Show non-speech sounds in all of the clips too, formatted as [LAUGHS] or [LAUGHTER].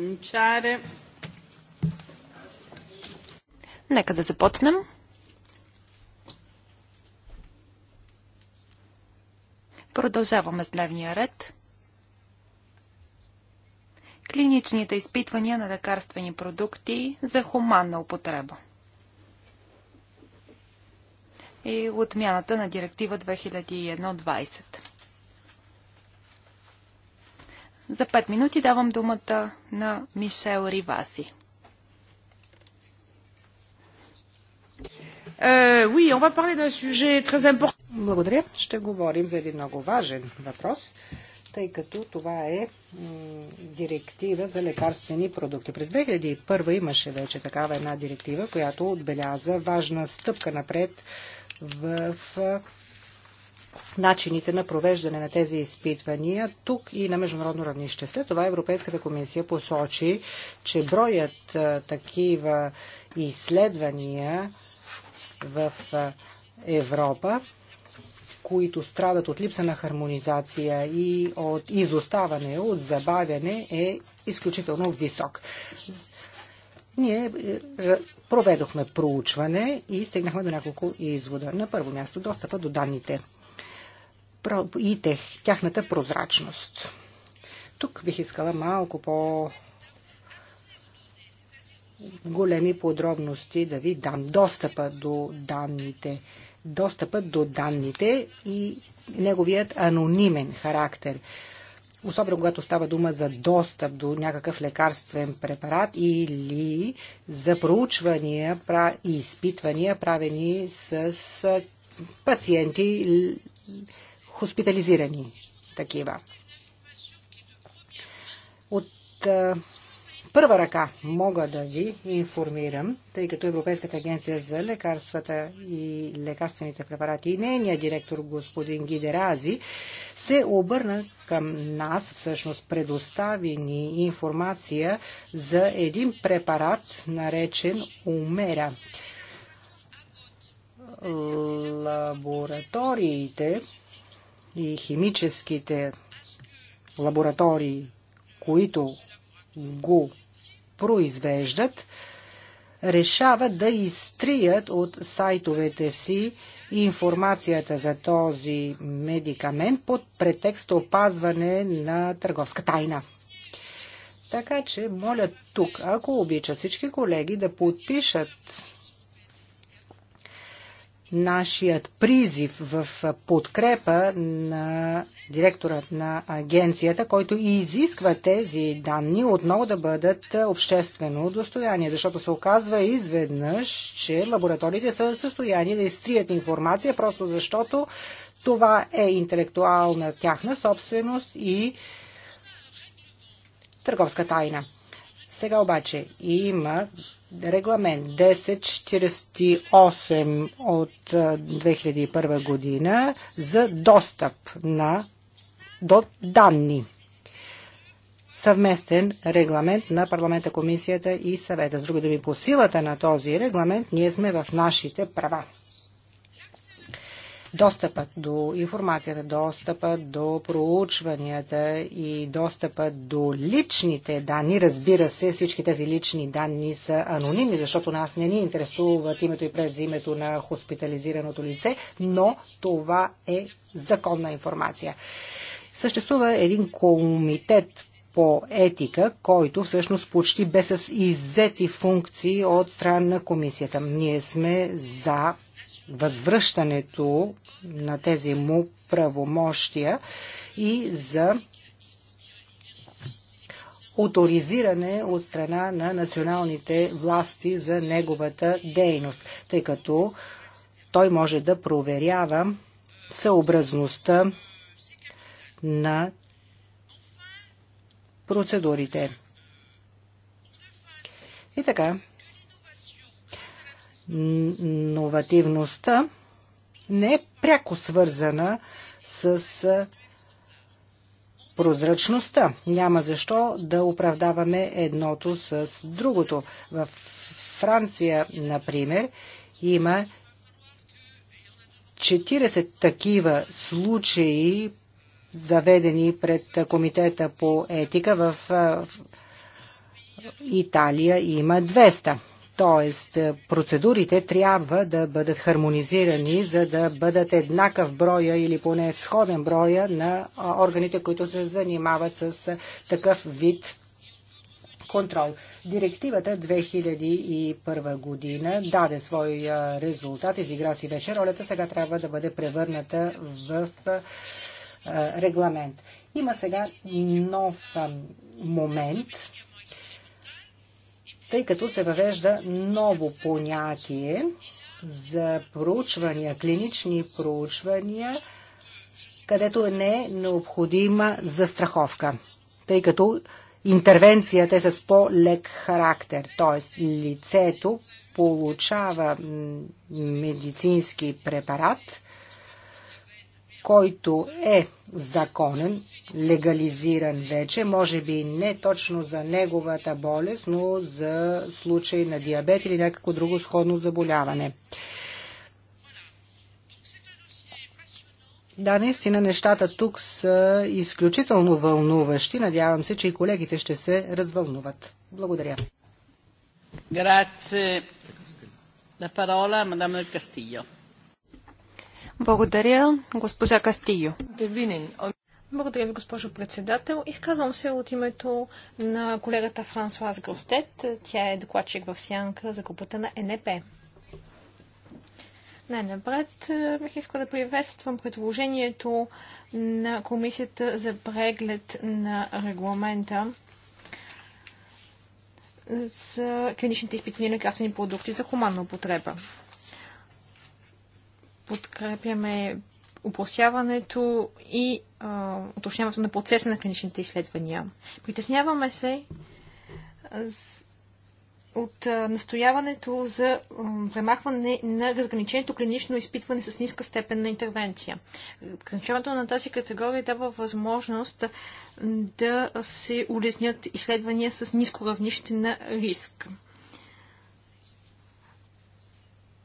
cominciare. Нека да започнем. Продължаваме с дневния ред. Клиничните изпитвания на лекарствени продукти за хуманна употреба и отмяната на директива 2120. За 5 минути давам думата на Мишел Риваси. Е, Благодаря. Ще говорим за един много важен въпрос, тъй като това е директива за лекарствени продукти. През 2001 имаше вече такава една директива, която отбеляза важна стъпка напред в начините на провеждане на тези изпитвания тук и на международно равнище. След това Европейската комисия посочи, че броят такива изследвания в Европа, които страдат от липса на хармонизация и от изоставане, от забавяне, е изключително висок. Ние е, проведохме проучване и стигнахме до няколко извода. На първо място достъпа до данните и тех, тяхната прозрачност. Тук бих искала малко по големи подробности да ви дам достъпа до данните. Достъпа до данните и неговият анонимен характер. Особено когато става дума за достъп до някакъв лекарствен препарат или за проучвания и изпитвания, правени с пациенти хоспитализирани такива. От а, първа ръка мога да ви информирам, тъй като Европейската агенция за лекарствата и лекарствените препарати и нейният директор господин Гидерази се обърна към нас, всъщност предостави ни информация за един препарат, наречен Умера. Лабораториите и химическите лаборатории, които го произвеждат, решават да изтрият от сайтовете си информацията за този медикамент под претекст опазване на търговска тайна. Така че, моля тук, ако обичат всички колеги да подпишат нашият призив в подкрепа на директорът на агенцията, който и изисква тези данни отново да бъдат обществено достояние, защото се оказва изведнъж, че лабораториите са в състояние да изтрият информация, просто защото това е интелектуална тяхна собственост и търговска тайна. Сега обаче има регламент 1048 от 2001 година за достъп на, до данни. Съвместен регламент на парламента, комисията и съвета. С други думи, по силата на този регламент ние сме в нашите права достъпът до информацията, достъпът до проучванията и достъпът до личните данни. Разбира се, всички тези лични данни са анонимни, защото нас не ни интересуват името и през името на хоспитализираното лице, но това е законна информация. Съществува един комитет по етика, който всъщност почти бе с иззети функции от страна на комисията. Ние сме за възвръщането на тези му правомощия и за авторизиране от страна на националните власти за неговата дейност, тъй като той може да проверява съобразността на процедурите. И така, новативността не е пряко свързана с прозрачността. Няма защо да оправдаваме едното с другото. В Франция, например, има 40 такива случаи, заведени пред Комитета по етика. В Италия има 200. Тоест, е, процедурите трябва да бъдат хармонизирани, за да бъдат еднакъв броя или поне сходен броя на органите, които се занимават с е, такъв вид контрол. Директивата 2001 година даде свой е, резултат, изигра си вече ролята, сега трябва да бъде превърната в регламент. Има сега нов момент, тъй като се въвежда ново понятие за проучвания, клинични проучвания, където не е необходима застраховка, тъй като интервенцията е с по-лек характер, т.е. лицето получава медицински препарат който е законен, легализиран вече, може би не точно за неговата болест, но за случай на диабет или някакво друго сходно заболяване. Да, наистина нещата тук са изключително вълнуващи. Надявам се, че и колегите ще се развълнуват. Благодаря. Грация. La parola a Madame del Castillo. Благодаря, госпожа Кастио. Благодаря ви, госпожо председател. Изказвам се от името на колегата Франсуаз Гростет. Тя е докладчик в Сянка за групата на НП. Най-напред е, бих искал да приветствам предложението на Комисията за преглед на регламента за клиничните изпитания на лекарствени продукти за хуманна употреба подкрепяме опросяването и а, уточняването на процеса на клиничните изследвания. Притесняваме се от настояването за премахване на разграниченото клинично изпитване с ниска степен на интервенция. Разграничаването на тази категория дава възможност да се улеснят изследвания с ниско равнище на риск.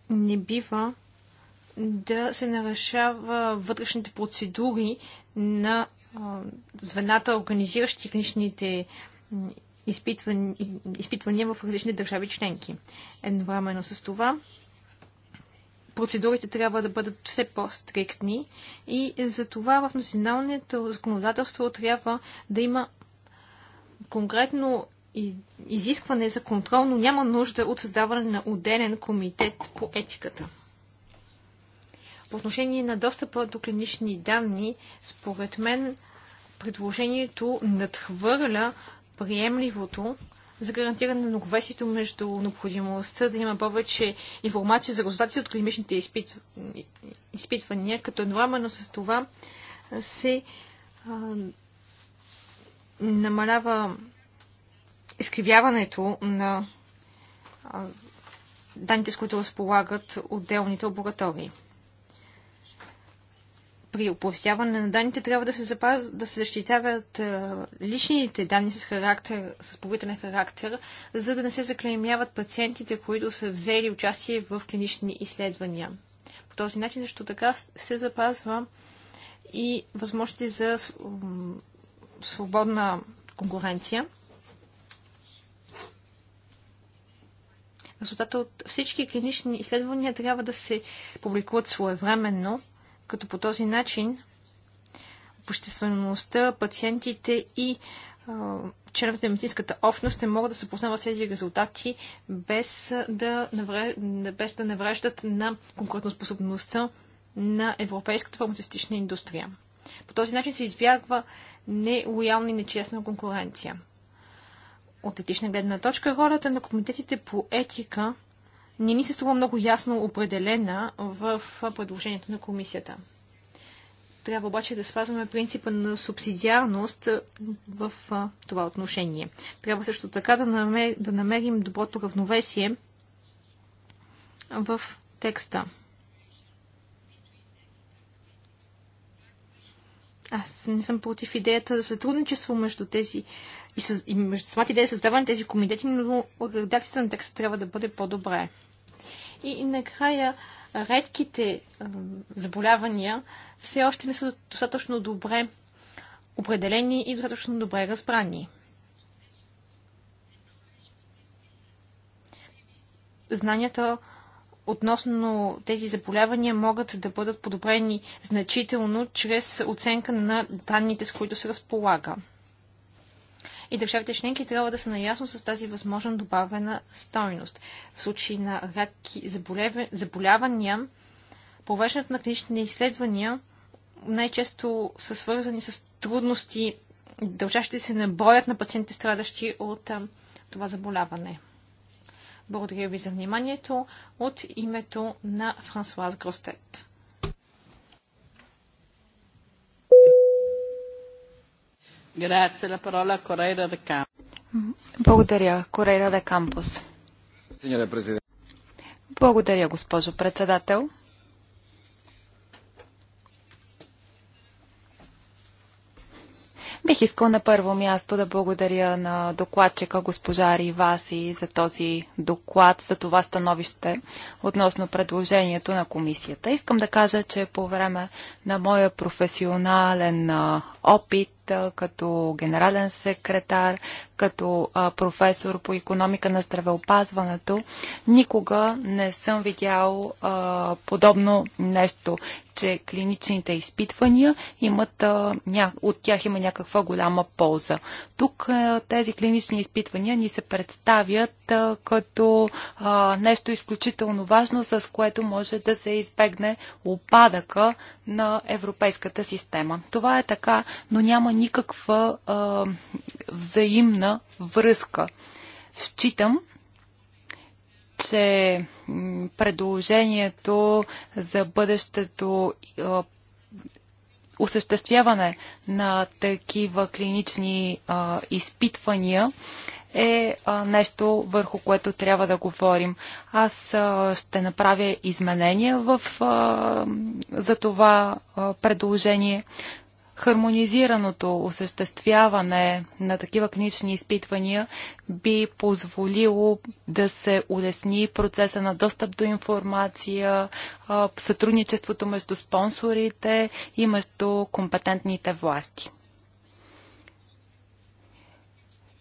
Не бива да се нарушава вътрешните процедури на звената, организиращи клиничните изпитвания, изпитвания в различни държави членки. Едновременно с това процедурите трябва да бъдат все по-стриктни и за това в националното законодателство трябва да има конкретно изискване за контрол, но няма нужда от създаване на отделен комитет по етиката. По отношение на достъпа до клинични данни, според мен предложението надхвърля приемливото за гарантиране на многовесието между необходимостта да има повече информация за резултатите от клиничните изпитвания, като едновременно с това се а, намалява изкривяването на а, данните, с които разполагат отделните лаборатории при оповестяване на данните трябва да се, запаз... да се защитават личните данни с, характер, с поверителен характер, за да не се заклеймяват пациентите, които са взели участие в клинични изследвания. По този начин също така се запазва и възможности за свободна конкуренция. Резултата от всички клинични изследвания трябва да се публикуват своевременно като по този начин обществеността, пациентите и членовете на медицинската общност не могат да се познават с тези резултати без да, навреждат, без да навреждат на конкурентоспособността на европейската фармацевтична индустрия. По този начин се избягва нелоялна и нечестна конкуренция. От етична гледна точка, ролята на комитетите по етика не ни се струва много ясно определена в предложението на комисията. Трябва обаче да спазваме принципа на субсидиарност в това отношение. Трябва също така да, намерим доброто равновесие в текста. Аз не съм против идеята за сътрудничество между тези и, и между самата идея за създаване на тези комитети, но редакцията на текста трябва да бъде по-добре. И накрая редките заболявания все още не са достатъчно добре определени и достатъчно добре разбрани. Знанията относно тези заболявания могат да бъдат подобрени значително чрез оценка на данните, с които се разполага и държавите членки трябва да са наясно с тази възможна добавена стойност. В случай на рядки заболявания, провеждането на клинични изследвания най-често са свързани с трудности, дължащи се на броят на пациентите, страдащи от това заболяване. Благодаря ви за вниманието от името на Франсуаз Гростет. Grazie, la parola Благодаря, Корейра де Кампус. Благодаря, госпожо председател. Бих искал на първо място да благодаря на докладчика госпожа Риваси за този доклад, за това становище относно предложението на комисията. Искам да кажа, че по време на моя професионален опит като генерален секретар, като професор по економика на здравеопазването, никога не съм видял подобно нещо, че клиничните изпитвания имат, от тях има някаква голяма полза. Тук тези клинични изпитвания ни се представят като нещо изключително важно, с което може да се избегне опадъка на европейската система. Това е така, но няма никаква а, взаимна връзка. Считам, че предложението за бъдещето осъществяване на такива клинични а, изпитвания е а, нещо върху което трябва да говорим. Аз а, ще направя изменения в, а, за това а, предложение. Хармонизираното осъществяване на такива клинични изпитвания би позволило да се улесни процеса на достъп до информация, сътрудничеството между спонсорите и между компетентните власти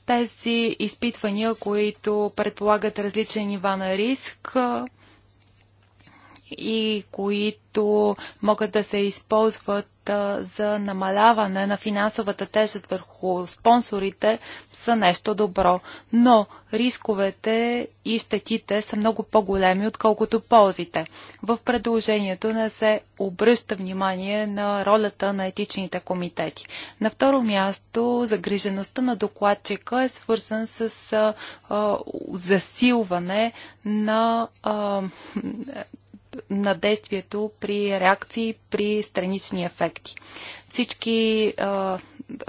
тези изпитвания, които предполагат различни нива на риск, и които могат да се използват за намаляване на финансовата тежест върху спонсорите са нещо добро. Но рисковете и щетите са много по-големи, отколкото ползите. В предложението не се обръща внимание на ролята на етичните комитети. На второ място, загрижеността на докладчика е свързан с а, а, засилване на а, на действието при реакции при странични ефекти. Всички а,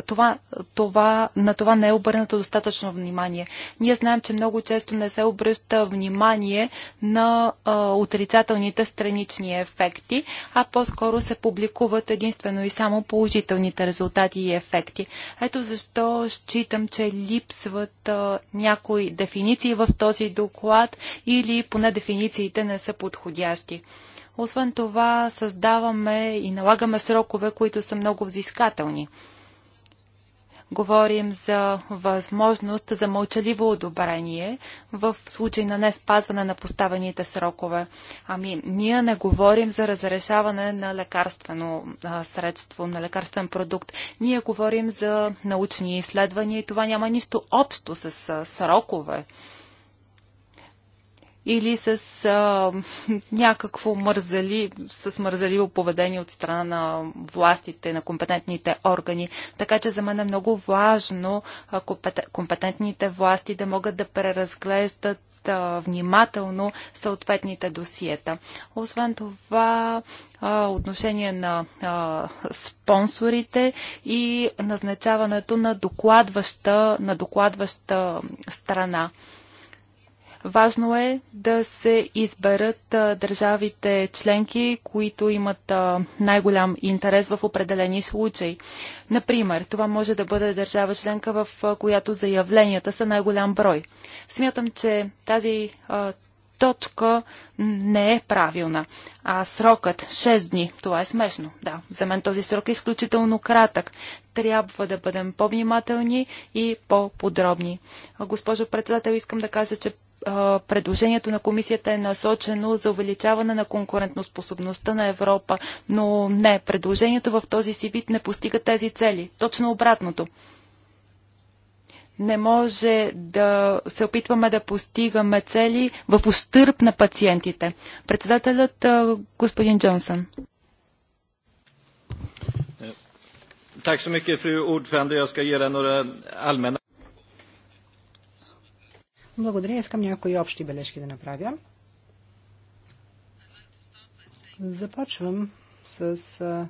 това, това, на това не е обърнато достатъчно внимание. Ние знаем, че много често не се обръща внимание на а, отрицателните странични ефекти, а по-скоро се публикуват единствено и само положителните резултати и ефекти. Ето защо считам, че липсват а, някои дефиниции в този доклад или поне дефинициите не са подходящи. Освен това, създаваме и налагаме срокове, които са много взискателни говорим за възможност за мълчаливо одобрение в случай на не спазване на поставените срокове. Ами, ние не говорим за разрешаване на лекарствено а, средство, на лекарствен продукт. Ние говорим за научни изследвания и това няма нищо общо с а, срокове или с а, някакво мързали, с мързаливо поведение от страна на властите, на компетентните органи. Така че за мен е много важно а, компетентните власти да могат да преразглеждат внимателно съответните досиета. Освен това, отношение на спонсорите и назначаването на докладваща, на докладваща страна. Важно е да се изберат държавите членки, които имат най-голям интерес в определени случаи. Например, това може да бъде държава членка, в която заявленията са най-голям брой. Смятам, че тази а, точка не е правилна. А срокът 6 дни, това е смешно. Да, за мен този срок е изключително кратък. Трябва да бъдем по-внимателни и по-подробни. Госпожо председател, искам да кажа, че предложението на комисията е насочено за увеличаване на конкурентноспособността на Европа, но не, предложението в този си вид не постига тези цели. Точно обратното. Не може да се опитваме да постигаме цели в устърп на пациентите. Председателят господин Джонсън. Tack е, så mycket, fru ordförande. Jag ska göra några allmänna благодаря. Искам някои общи бележки да направя. Започвам с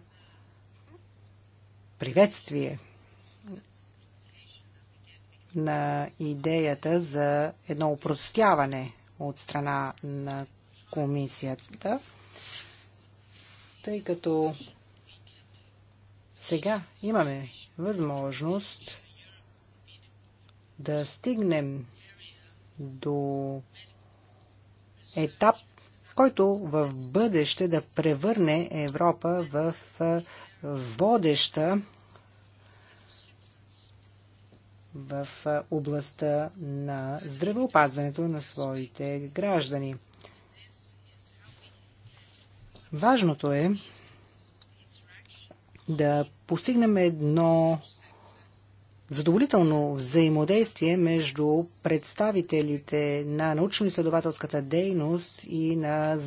приветствие на идеята за едно упростяване от страна на комисията, тъй като сега имаме възможност да стигнем до етап, който в бъдеще да превърне Европа в водеща в областта на здравеопазването на своите граждани. Важното е да постигнем едно задоволително взаимодействие между представителите на научно-изследователската дейност и на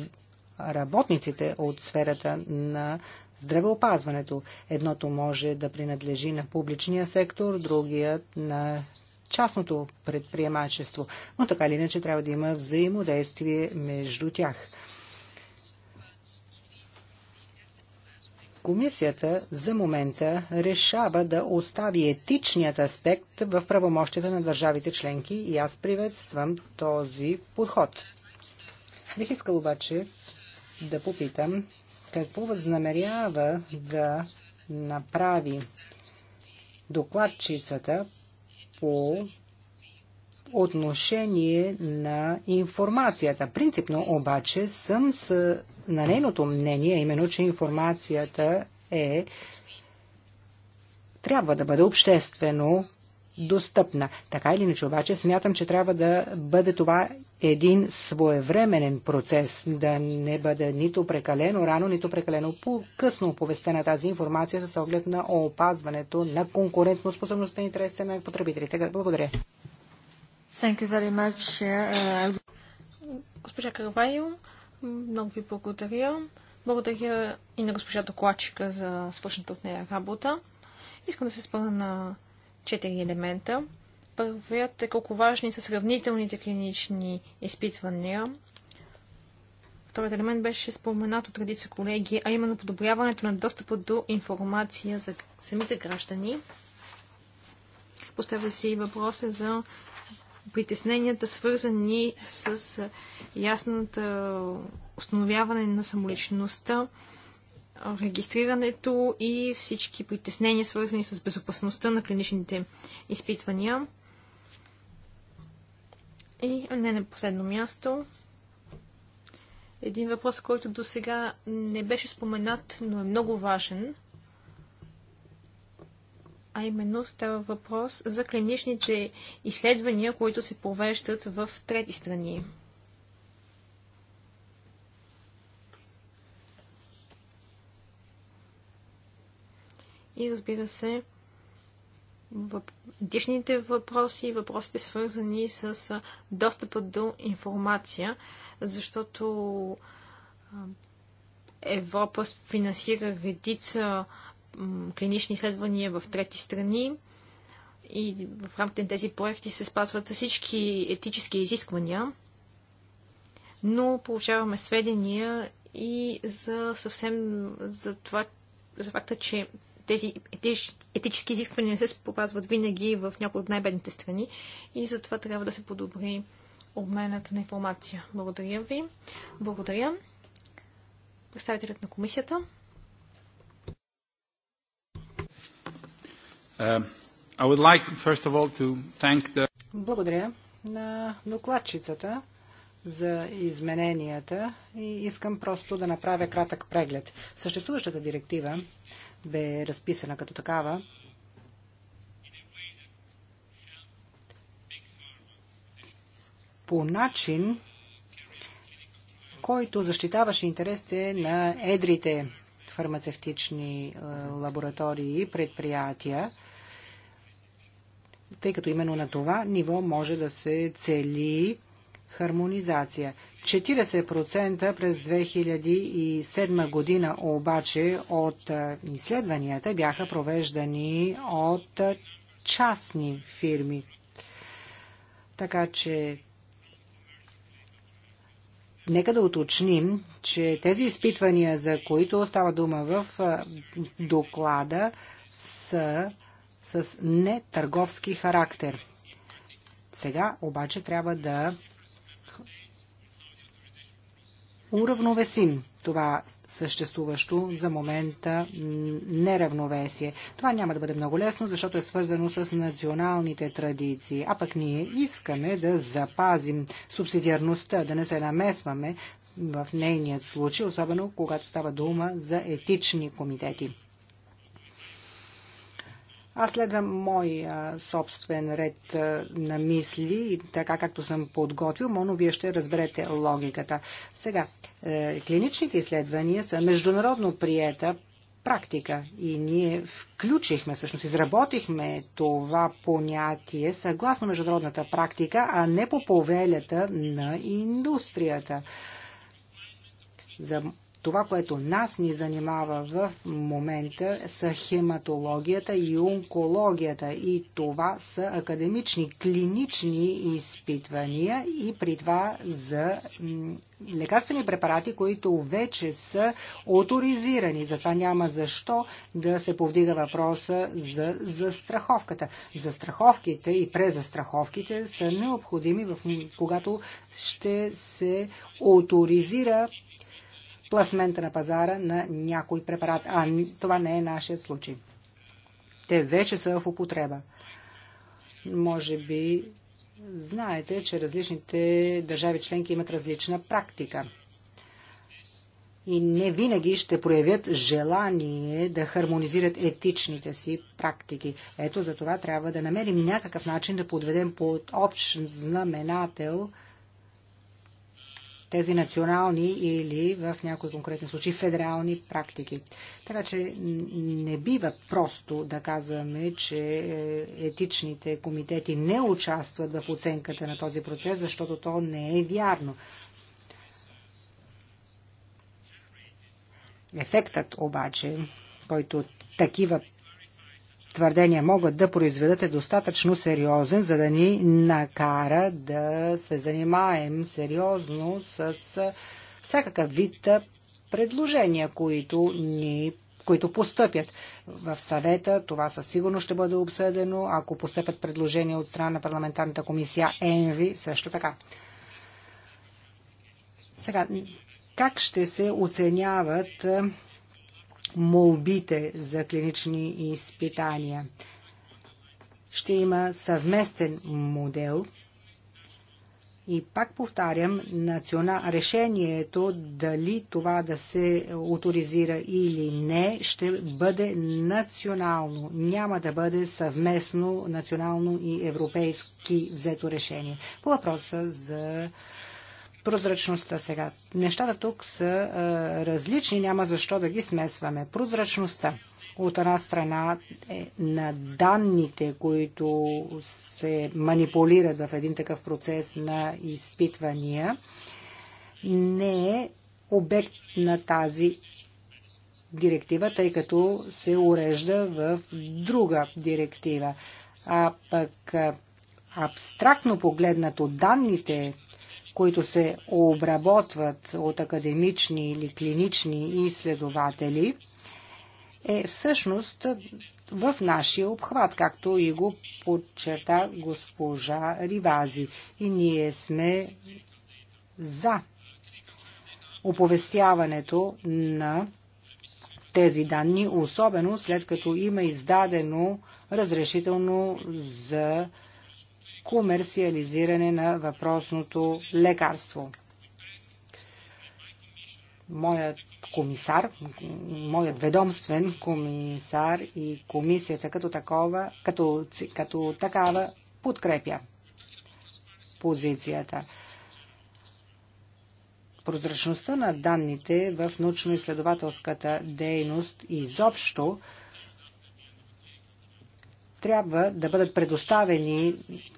работниците от сферата на здравеопазването. Едното може да принадлежи на публичния сектор, другият на частното предприемачество, но така или иначе трябва да има взаимодействие между тях. Комисията за момента решава да остави етичният аспект в правомощията на държавите членки и аз приветствам този подход. Бих искал обаче да попитам какво възнамерява да направи докладчицата по отношение на информацията. Принципно обаче съм с на нейното мнение, именно, че информацията е трябва да бъде обществено достъпна. Така или иначе обаче смятам, че трябва да бъде това един своевременен процес, да не бъде нито прекалено рано, нито прекалено по-късно оповестена тази информация с оглед на опазването на конкурентоспособността и интересите на потребителите. Благодаря. Thank you very much, uh, Госпожа Карвайо, много ви благодаря. Благодаря и на госпожа докладчика за свършната от нея работа. Искам да се спъна на четири елемента. Първият е колко важни са сравнителните клинични изпитвания. Вторият елемент беше споменат от редица колеги, а именно подобряването на достъпа до информация за самите граждани. Поставя се и въпроса за притесненията, свързани с ясната установяване на самоличността, регистрирането и всички притеснения, свързани с безопасността на клиничните изпитвания. И не на последно място, един въпрос, който до сега не беше споменат, но е много важен – а именно става въпрос за клиничните изследвания, които се провеждат в трети страни. И разбира се, въп... дишните въпроси, въпросите свързани с достъпа до информация, защото Европа финансира редица клинични изследвания в трети страни и в рамките на тези проекти се спазват всички етически изисквания, но получаваме сведения и за съвсем за това, за факта, че тези етически изисквания не се спазват винаги в някои от най-бедните страни и за това трябва да се подобри обменът на информация. Благодаря ви. Благодаря. Представителят на комисията. Um, Благодаря на докладчицата за измененията и искам просто да направя кратък преглед. Съществуващата директива бе разписана като такава по начин, който защитаваше интересите на едрите фармацевтични е, лаборатории и предприятия, тъй като именно на това ниво може да се цели хармонизация. 40% през 2007 година обаче от изследванията бяха провеждани от частни фирми. Така че Нека да уточним, че тези изпитвания, за които става дума в доклада, са с нетърговски характер. Сега обаче трябва да уравновесим това съществуващо за момента неравновесие. Това няма да бъде много лесно, защото е свързано с националните традиции. А пък ние искаме да запазим субсидиарността, да не се намесваме в нейният случай, особено когато става дума за етични комитети. Аз следвам моя собствен ред на мисли и така както съм подготвил, но вие ще разберете логиката. Сега, е, клиничните изследвания са международно приета практика и ние включихме, всъщност изработихме това понятие съгласно международната практика, а не по повелята на индустрията. За това, което нас ни занимава в момента са хематологията и онкологията и това са академични, клинични изпитвания и при това за лекарствени препарати, които вече са авторизирани. Затова няма защо да се повдига въпроса за застраховката. Застраховките и презастраховките са необходими, в, когато ще се авторизира пласмента на пазара на някой препарат. А това не е нашият случай. Те вече са в употреба. Може би знаете, че различните държави членки имат различна практика и не винаги ще проявят желание да хармонизират етичните си практики. Ето за това трябва да намерим някакъв начин да подведем под общ знаменател тези национални или в някои конкретни случаи федерални практики. Така че не бива просто да казваме, че е, етичните комитети не участват в оценката на този процес, защото то не е вярно. Ефектът обаче, който такива твърдения могат да произведат е достатъчно сериозен, за да ни накара да се занимаем сериозно с всякакъв вид предложения, които ни които постъпят в съвета. Това със сигурност ще бъде обсъдено, ако постъпят предложения от страна на парламентарната комисия ЕНВИ, също така. Сега, как ще се оценяват молбите за клинични изпитания. Ще има съвместен модел и пак повтарям, национа... решението дали това да се авторизира или не ще бъде национално. Няма да бъде съвместно национално и европейски взето решение. По въпроса за прозрачността сега. Нещата тук са е, различни, няма защо да ги смесваме. Прозрачността от една страна е на данните, които се манипулират в един такъв процес на изпитвания, не е обект на тази директива, тъй като се урежда в друга директива. А пък е, абстрактно погледнато данните които се обработват от академични или клинични изследователи, е всъщност в нашия обхват, както и го подчерта госпожа Ривази. И ние сме за оповестяването на тези данни, особено след като има издадено разрешително за комерциализиране на въпросното лекарство. Моят комисар, моят ведомствен комисар и комисията като, такова, като, като такава подкрепя позицията. Прозрачността на данните в научно-изследователската дейност изобщо – трябва да бъдат предоставени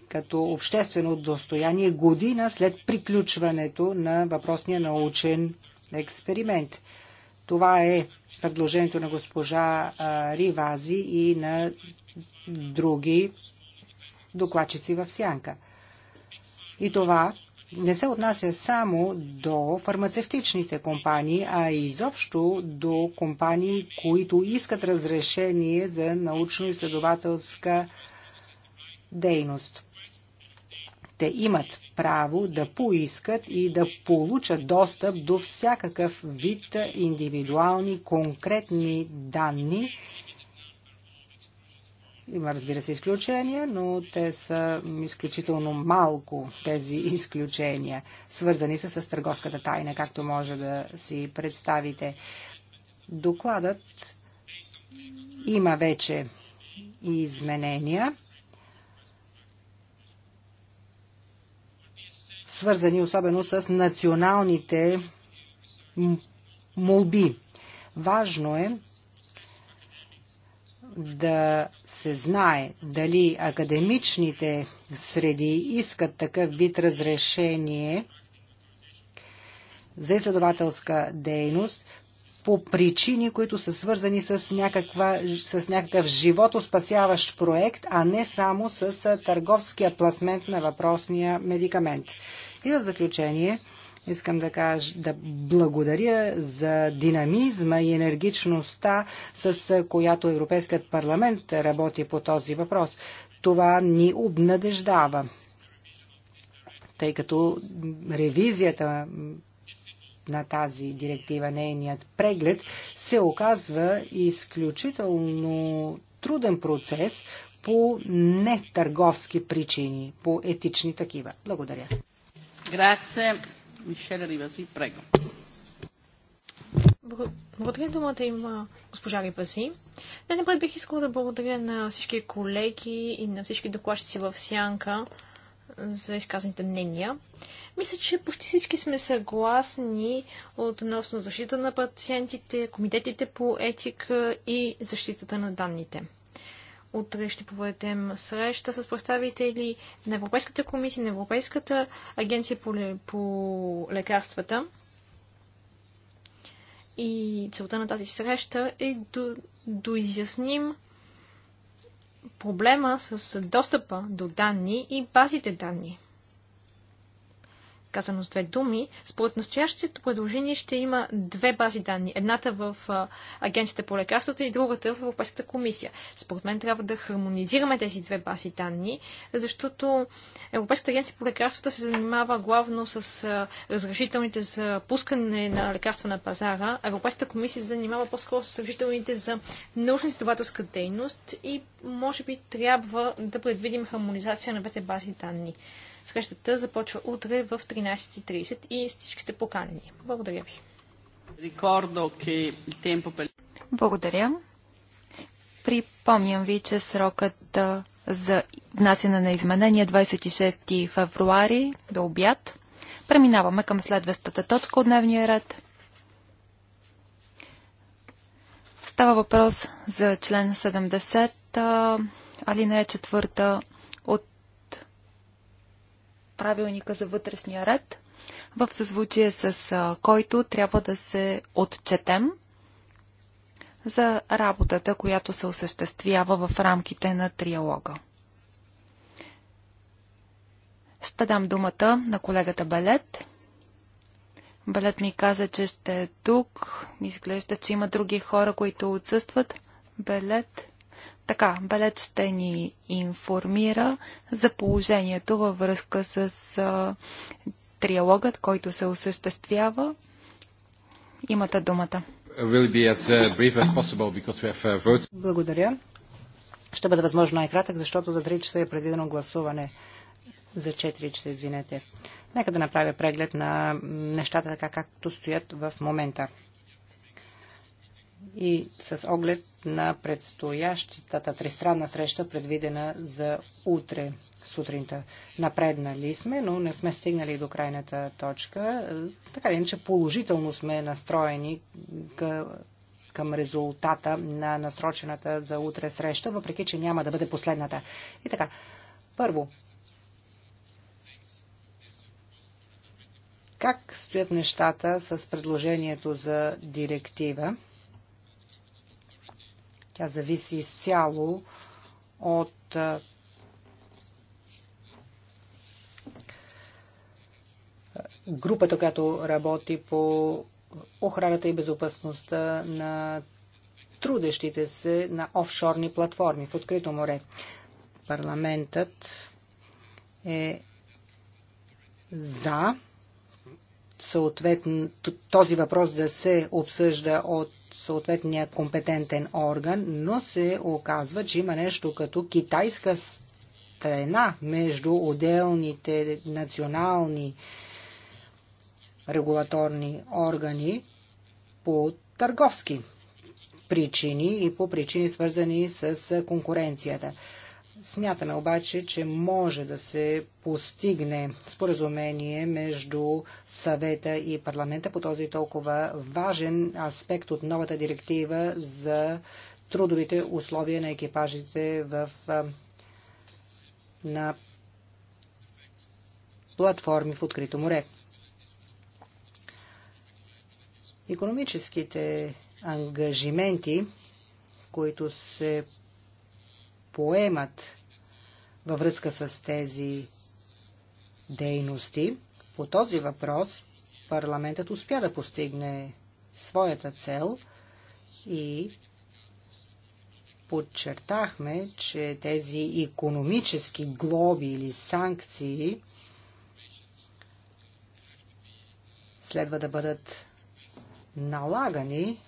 като обществено достояние година след приключването на въпросния научен експеримент. Това е предложението на госпожа Ривази и на други докладчици в Сянка. И това не се отнася само до фармацевтичните компании, а и изобщо до компании, които искат разрешение за научно-изследователска дейност. Те имат право да поискат и да получат достъп до всякакъв вид индивидуални конкретни данни има, разбира се, изключения, но те са изключително малко, тези изключения, свързани са с търговската тайна, както може да си представите. Докладът има вече изменения, свързани особено с националните молби. Важно е да се знае дали академичните среди искат такъв вид разрешение за изследователска дейност по причини, които са свързани с, някаква, с някакъв животоспасяващ проект, а не само с търговския пласмент на въпросния медикамент. И в заключение – Искам да кажа, да благодаря за динамизма и енергичността, с която Европейският парламент работи по този въпрос. Това ни обнадеждава, тъй като ревизията на тази директива, нейният преглед, се оказва изключително труден процес по нетърговски причини, по етични такива. Благодаря. Grazie. Мишеля Риваси, прего. Благодаря думата има госпожа Рибази. Не, напред бих искала да благодаря на всички колеги и на всички докладчици в Сянка за изказаните мнения. Мисля, че почти всички сме съгласни относно защита на пациентите, комитетите по етика и защитата на данните. Утре ще проведем среща с представители на Европейската комисия, на Европейската агенция по, по лекарствата. И целта на тази среща е да доизясним проблема с достъпа до данни и базите данни казано с две думи, според настоящото предложение ще има две бази данни. Едната в Агенцията по лекарствата и другата в Европейската комисия. Според мен трябва да хармонизираме тези две бази данни, защото Европейската агенция по лекарствата се занимава главно с разрешителните за пускане на лекарства на пазара. Европейската комисия се занимава по-скоро с разрешителните за научно-изследователска дейност и може би трябва да предвидим хармонизация на двете бази данни. Срещата започва утре в 13.30 и всички сте поканени. Благодаря ви. Благодаря. Припомням ви, че срокът за внасяне на изменения 26 е февруари до обяд. Преминаваме към следващата точка от дневния ред. Става въпрос за член 70, алинея 4 от правилника за вътрешния ред, в съзвучие с който трябва да се отчетем за работата, която се осъществява в рамките на триалога. Ще дам думата на колегата Балет. Балет ми каза, че ще е тук. Изглежда, че има други хора, които отсъстват. Балет. Така, Белет ще ни информира за положението във връзка с а, триалогът, който се осъществява. Имате думата. Uh, uh, Благодаря. Ще бъде възможно най-кратък, защото за 3 часа е предвидено гласуване. За 4 часа, извинете. Нека да направя преглед на нещата така, както стоят в момента и с оглед на предстоящата тристранна среща, предвидена за утре сутринта. Напреднали сме, но не сме стигнали до крайната точка. Така ли, че положително сме настроени към резултата на насрочената за утре среща, въпреки че няма да бъде последната. И така, първо, как стоят нещата с предложението за директива? Тя зависи изцяло от групата, която работи по охраната и безопасността на трудещите се на офшорни платформи в открито море. Парламентът е за съответно този въпрос да се обсъжда от съответния компетентен орган, но се оказва, че има нещо като китайска страна между отделните национални регулаторни органи по търговски причини и по причини свързани с конкуренцията. Смятаме обаче, че може да се постигне споразумение между съвета и парламента по този толкова важен аспект от новата директива за трудовите условия на екипажите в, на платформи в открито море. Економическите ангажименти, които се поемат във връзка с тези дейности. По този въпрос парламентът успя да постигне своята цел и подчертахме, че тези економически глоби или санкции следва да бъдат налагани,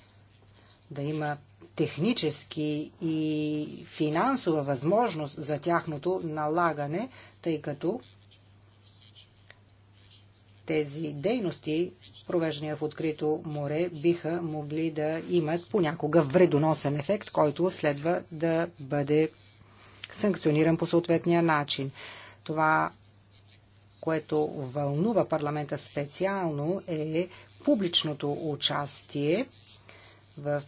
да има технически и финансова възможност за тяхното налагане, тъй като тези дейности, провеждания в открито море, биха могли да имат понякога вредоносен ефект, който следва да бъде санкциониран по съответния начин. Това, което вълнува парламента специално е публичното участие в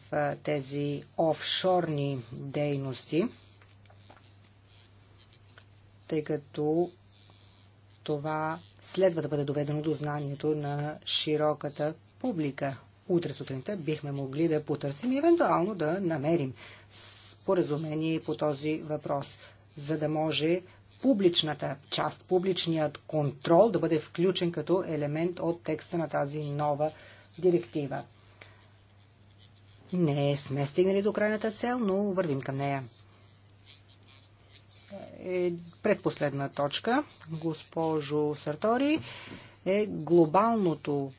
тези офшорни дейности, тъй като това следва да бъде доведено до знанието на широката публика. Утре сутринта бихме могли да потърсим и евентуално да намерим споразумение по този въпрос, за да може публичната част, публичният контрол да бъде включен като елемент от текста на тази нова директива. Не сме стигнали до крайната цел, но вървим към нея. Е, предпоследна точка, госпожо Сартори, е глобалното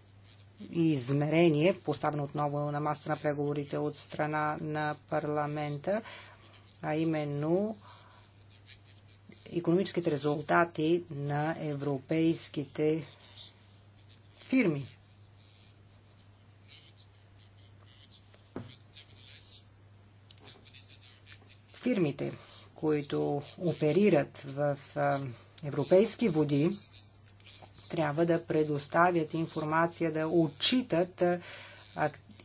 измерение, поставено отново на маса на преговорите от страна на парламента, а именно економическите резултати на европейските фирми. фирмите, които оперират в европейски води, трябва да предоставят информация, да отчитат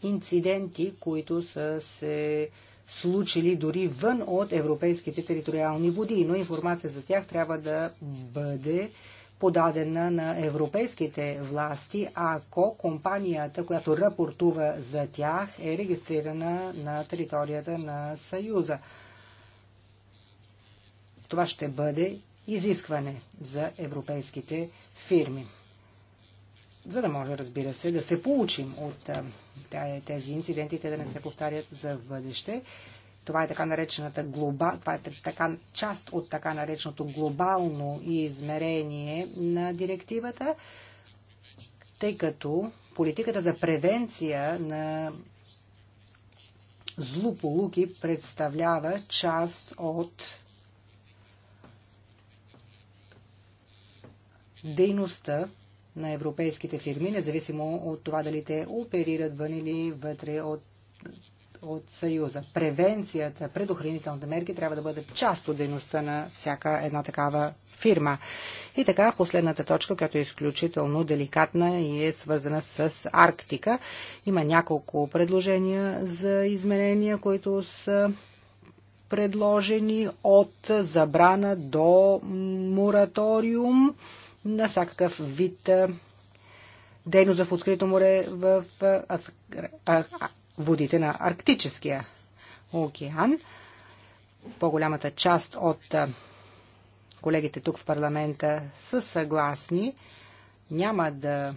инциденти, които са се случили дори вън от европейските териториални води, но информация за тях трябва да бъде подадена на европейските власти, ако компанията, която рапортува за тях, е регистрирана на територията на Съюза. Това ще бъде изискване за европейските фирми. За да може, разбира се, да се получим от тези инциденти, те да не се повтарят за в бъдеще. Това е така наречената глоба, това е така, част от така нареченото глобално измерение на директивата, тъй като политиката за превенция на злополуки представлява част от дейността на европейските фирми, независимо от това дали те оперират вън или вътре от, от Съюза. Превенцията, предохранителните мерки трябва да бъдат част от дейността на всяка една такава фирма. И така, последната точка, която е изключително деликатна и е свързана с Арктика. Има няколко предложения за изменения, които са предложени от забрана до мораториум на всякакъв вид дейност в открито море в водите на Арктическия океан. По-голямата част от колегите тук в парламента са съгласни. Няма да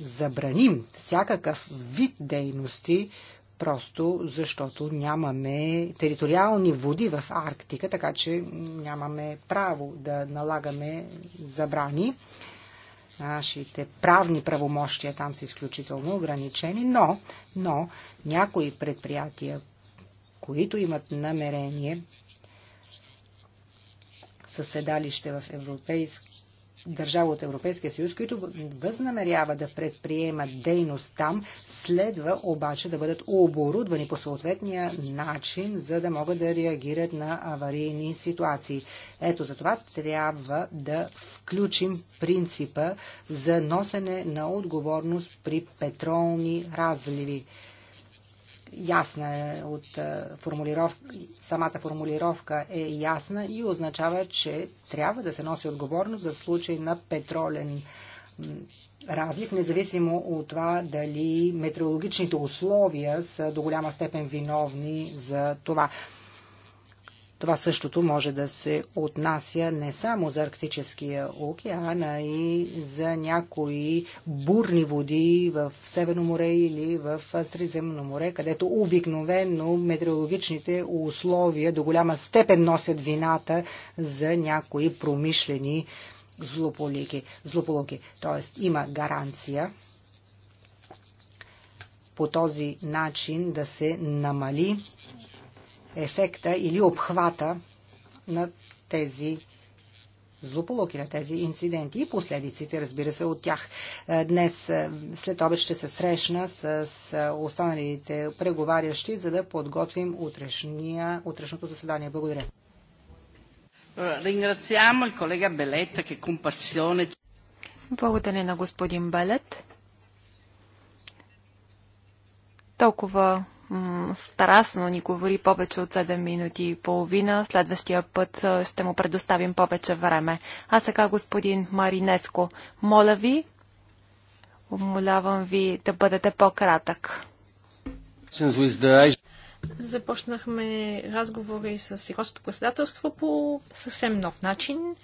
забраним всякакъв вид дейности, просто защото нямаме териториални води в Арктика, така че нямаме право да налагаме забрани. Нашите правни правомощия там са изключително ограничени, но, но някои предприятия, които имат намерение със седалище в Европейски държава от Европейския съюз, които възнамерява да предприемат дейност там, следва обаче да бъдат оборудвани по съответния начин, за да могат да реагират на аварийни ситуации. Ето за това трябва да включим принципа за носене на отговорност при петролни разливи ясна е от е, формулировка, самата формулировка е ясна и означава, че трябва да се носи отговорност за случай на петролен разлив, независимо от това дали метеорологичните условия са до голяма степен виновни за това. Това същото може да се отнася не само за Арктическия океан, а и за някои бурни води в Северно море или в Средиземно море, където обикновено метеорологичните условия до голяма степен носят вината за някои промишлени злополуки. злополуки. Тоест има гаранция по този начин да се намали ефекта или обхвата на тези злополуки на тези инциденти и последиците, разбира се, от тях. Е, днес е, след обед ще се срещна с останалите преговарящи, за да подготвим утрешния, утрешното заседание. Благодаря. Ringraziamo il collega Beletta che con passione... Благодаря на господин Белет. Толкова старасно ни говори повече от 7 минути и половина. Следващия път ще му предоставим повече време. А сега господин Маринеско, моля ви, умолявам ви да бъдете по-кратък. Започнахме разговори с Иротското председателство по съвсем нов начин,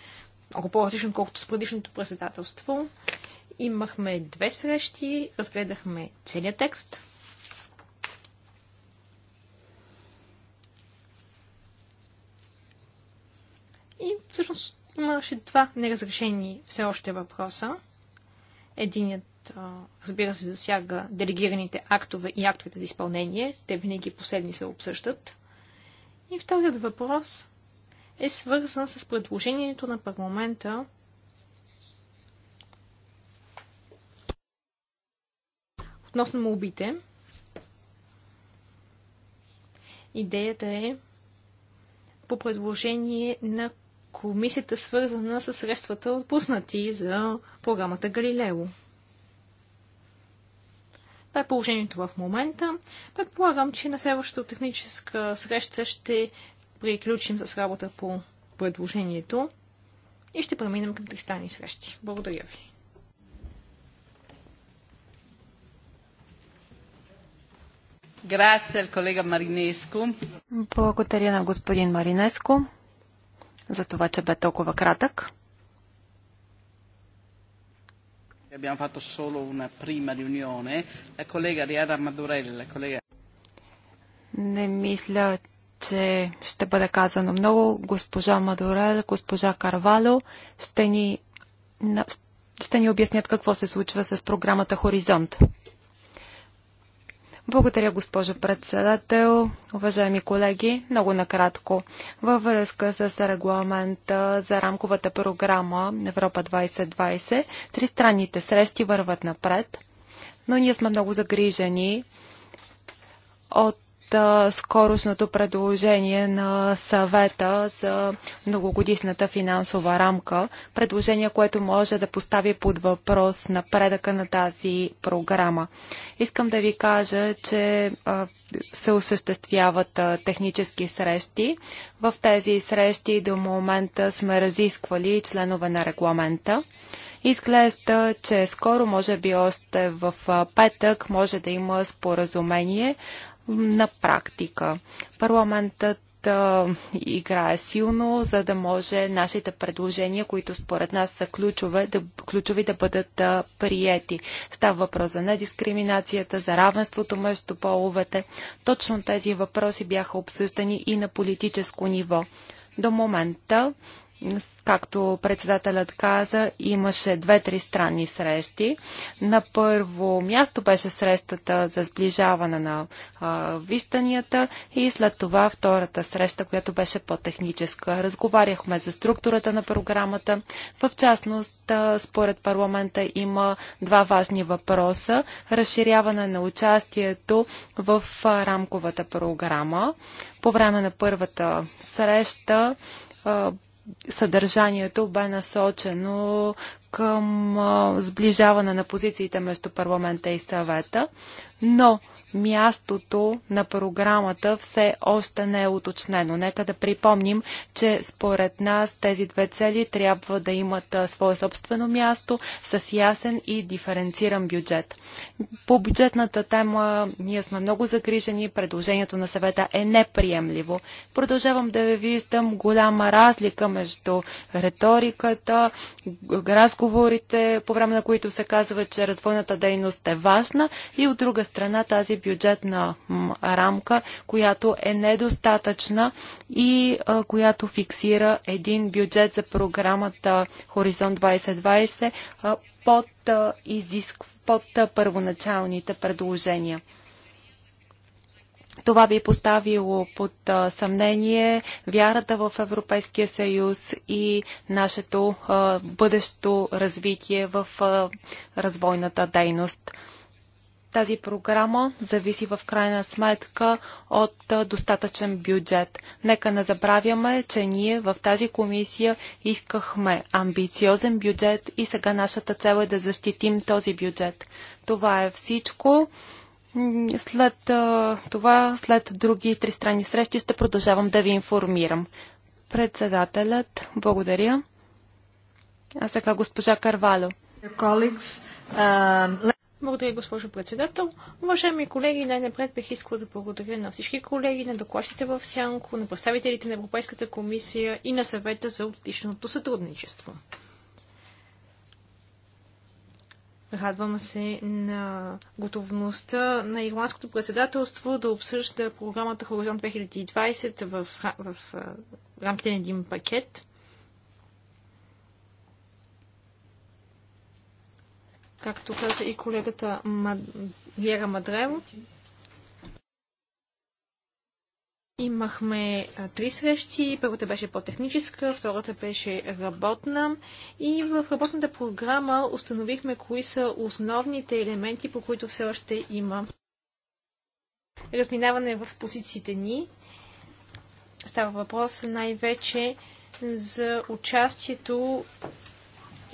много по-различно, колкото с предишното председателство. Имахме две срещи, разгледахме целият текст – И всъщност имаше два неразрешени все още въпроса. Единият, разбира се, засяга делегираните актове и актовете за изпълнение. Те винаги последни се обсъждат. И вторият въпрос е свързан с предложението на парламента относно молбите. Идеята е по предложение на комисията, свързана с средствата отпуснати за програмата Галилео. Това е положението в момента. Предполагам, че на следващата техническа среща ще приключим с работа по предложението и ще преминем към тристани срещи. Благодаря ви. Благодаря на господин Маринеско за това, че бе толкова кратък. Не мисля, че ще бъде казано много. Госпожа Мадурел, госпожа Карвало ще ни, ще ни обяснят какво се случва с програмата Хоризонт. Благодаря, госпожо председател. Уважаеми колеги, много накратко. Във връзка с регламента за рамковата програма Европа 2020, тристранните срещи върват напред, но ние сме много загрижени от скоростното предложение на съвета за многогодишната финансова рамка. Предложение, което може да постави под въпрос напредъка на тази програма. Искам да ви кажа, че се осъществяват технически срещи. В тези срещи до момента сме разисквали членове на регламента. Изглежда, че скоро, може би още в петък, може да има споразумение на практика. Парламентът играе силно, за да може нашите предложения, които според нас са ключове, да, ключови да бъдат да приети. Става въпрос за недискриминацията, за равенството между половете. Точно тези въпроси бяха обсъждани и на политическо ниво. До момента Както председателят каза, имаше две-три странни срещи. На първо място беше срещата за сближаване на а, вижданията и след това втората среща, която беше по-техническа. Разговаряхме за структурата на програмата. В частност, а, според парламента има два важни въпроса. Разширяване на участието в а, рамковата програма. По време на първата среща съдържанието бе насочено към сближаване на позициите между парламента и съвета, но мястото на програмата все още не е уточнено. Нека да припомним, че според нас тези две цели трябва да имат свое собствено място с ясен и диференциран бюджет. По бюджетната тема ние сме много загрижени, предложението на съвета е неприемливо. Продължавам да ви виждам голяма разлика между риториката, разговорите, по време на които се казва, че развойната дейност е важна и от друга страна тази бюджетна рамка, която е недостатъчна и която фиксира един бюджет за програмата Хоризонт 2020 под, изиск, под първоначалните предложения. Това би поставило под съмнение вярата в Европейския съюз и нашето бъдещо развитие в развойната дейност. Тази програма зависи в крайна сметка от достатъчен бюджет. Нека не забравяме, че ние в тази комисия искахме амбициозен бюджет и сега нашата цел е да защитим този бюджет. Това е всичко. След това, след други тристранни срещи, ще продължавам да ви информирам. Председателят, благодаря. А сега госпожа Карвало. Благодаря, госпожо председател. Уважаеми колеги, най-напред бих искала да благодаря на всички колеги, на докладчите в Сянко, на представителите на Европейската комисия и на съвета за отличното сътрудничество. Радвам се на готовността на Ирландското председателство да обсъжда програмата Хоризонт 2020 в, в, в рамките на един пакет. както каза и колегата Гера Вера Мадрево. Имахме три срещи. Първата беше по-техническа, втората беше работна. И в работната програма установихме кои са основните елементи, по които все още има разминаване в позициите ни. Става въпрос най-вече за участието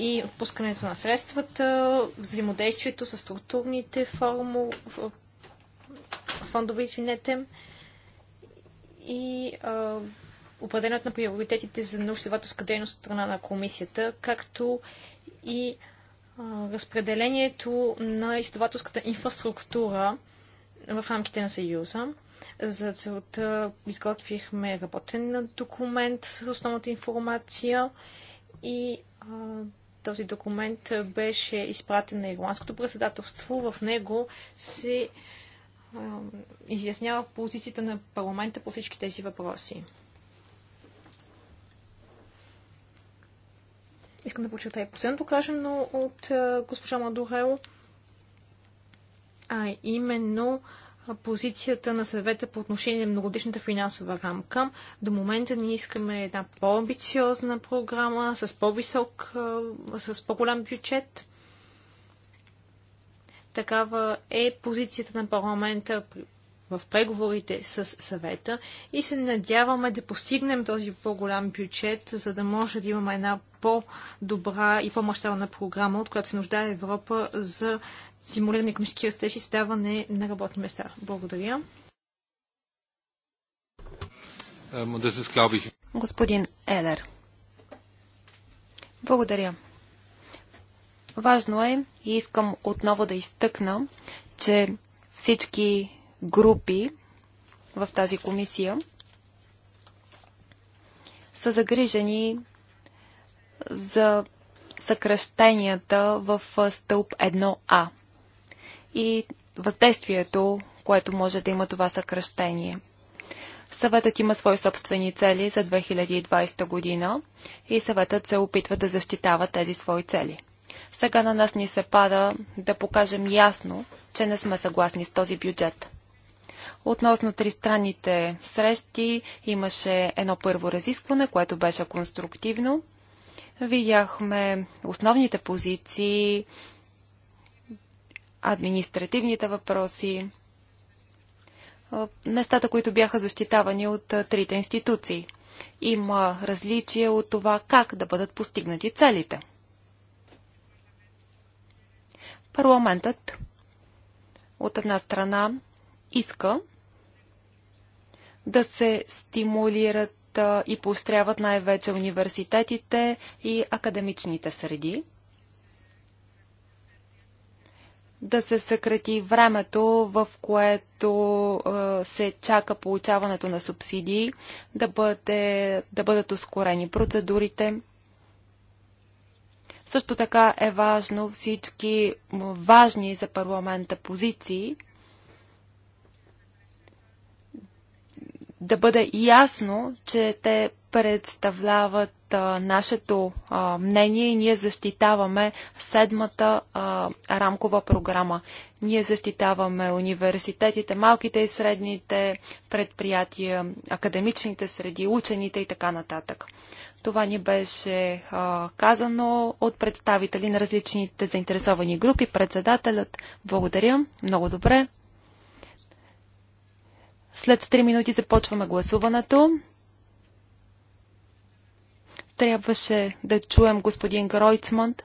и отпускането на средствата, взаимодействието с структурните форму... фондове, извинете, и а, определенето на приоритетите за научно-изследователска дейност от страна на комисията, както и а, разпределението на изследователската инфраструктура в рамките на Съюза. За целта изготвихме работен документ с основната информация и а, този документ е, беше изпратен на Ирландското председателство. В него се изяснява позицията на парламента по всички тези въпроси. Искам да почитая последното кажено от госпожа Мадурел, а именно позицията на съвета по отношение на многодишната финансова рамка. До момента ние искаме една по-амбициозна програма с по-висок, с по-голям бюджет. Такава е позицията на парламента в преговорите с съвета и се надяваме да постигнем този по-голям бюджет, за да може да имаме една по-добра и по-мащабна програма, от която се нуждае Европа за стимулиране към економически растеж и създаване на работни места. Благодаря. Господин Елер. Благодаря. Важно е и искам отново да изтъкна, че всички групи в тази комисия са загрижени за съкръщенията в стълб 1А и въздействието, което може да има това съкръщение. Съветът има свои собствени цели за 2020 година и съветът се опитва да защитава тези свои цели. Сега на нас ни се пада да покажем ясно, че не сме съгласни с този бюджет. Относно тристранните срещи имаше едно първо разискване, което беше конструктивно. Видяхме основните позиции, административните въпроси, нещата, които бяха защитавани от трите институции. Има различие от това как да бъдат постигнати целите. Парламентът от една страна иска да се стимулират и поощряват най-вече университетите и академичните среди – да се съкрати времето, в което е, се чака получаването на субсидии, да, бъде, да бъдат ускорени процедурите. Също така е важно всички важни за парламента позиции да бъде ясно, че те представляват а, нашето а, мнение и ние защитаваме седмата а, рамкова програма. Ние защитаваме университетите, малките и средните предприятия, академичните среди, учените и така нататък. Това ни беше а, казано от представители на различните заинтересовани групи. Председателят, благодаря, много добре. След 3 минути започваме гласуването. Трябваше да чуем господин Гройцмонт,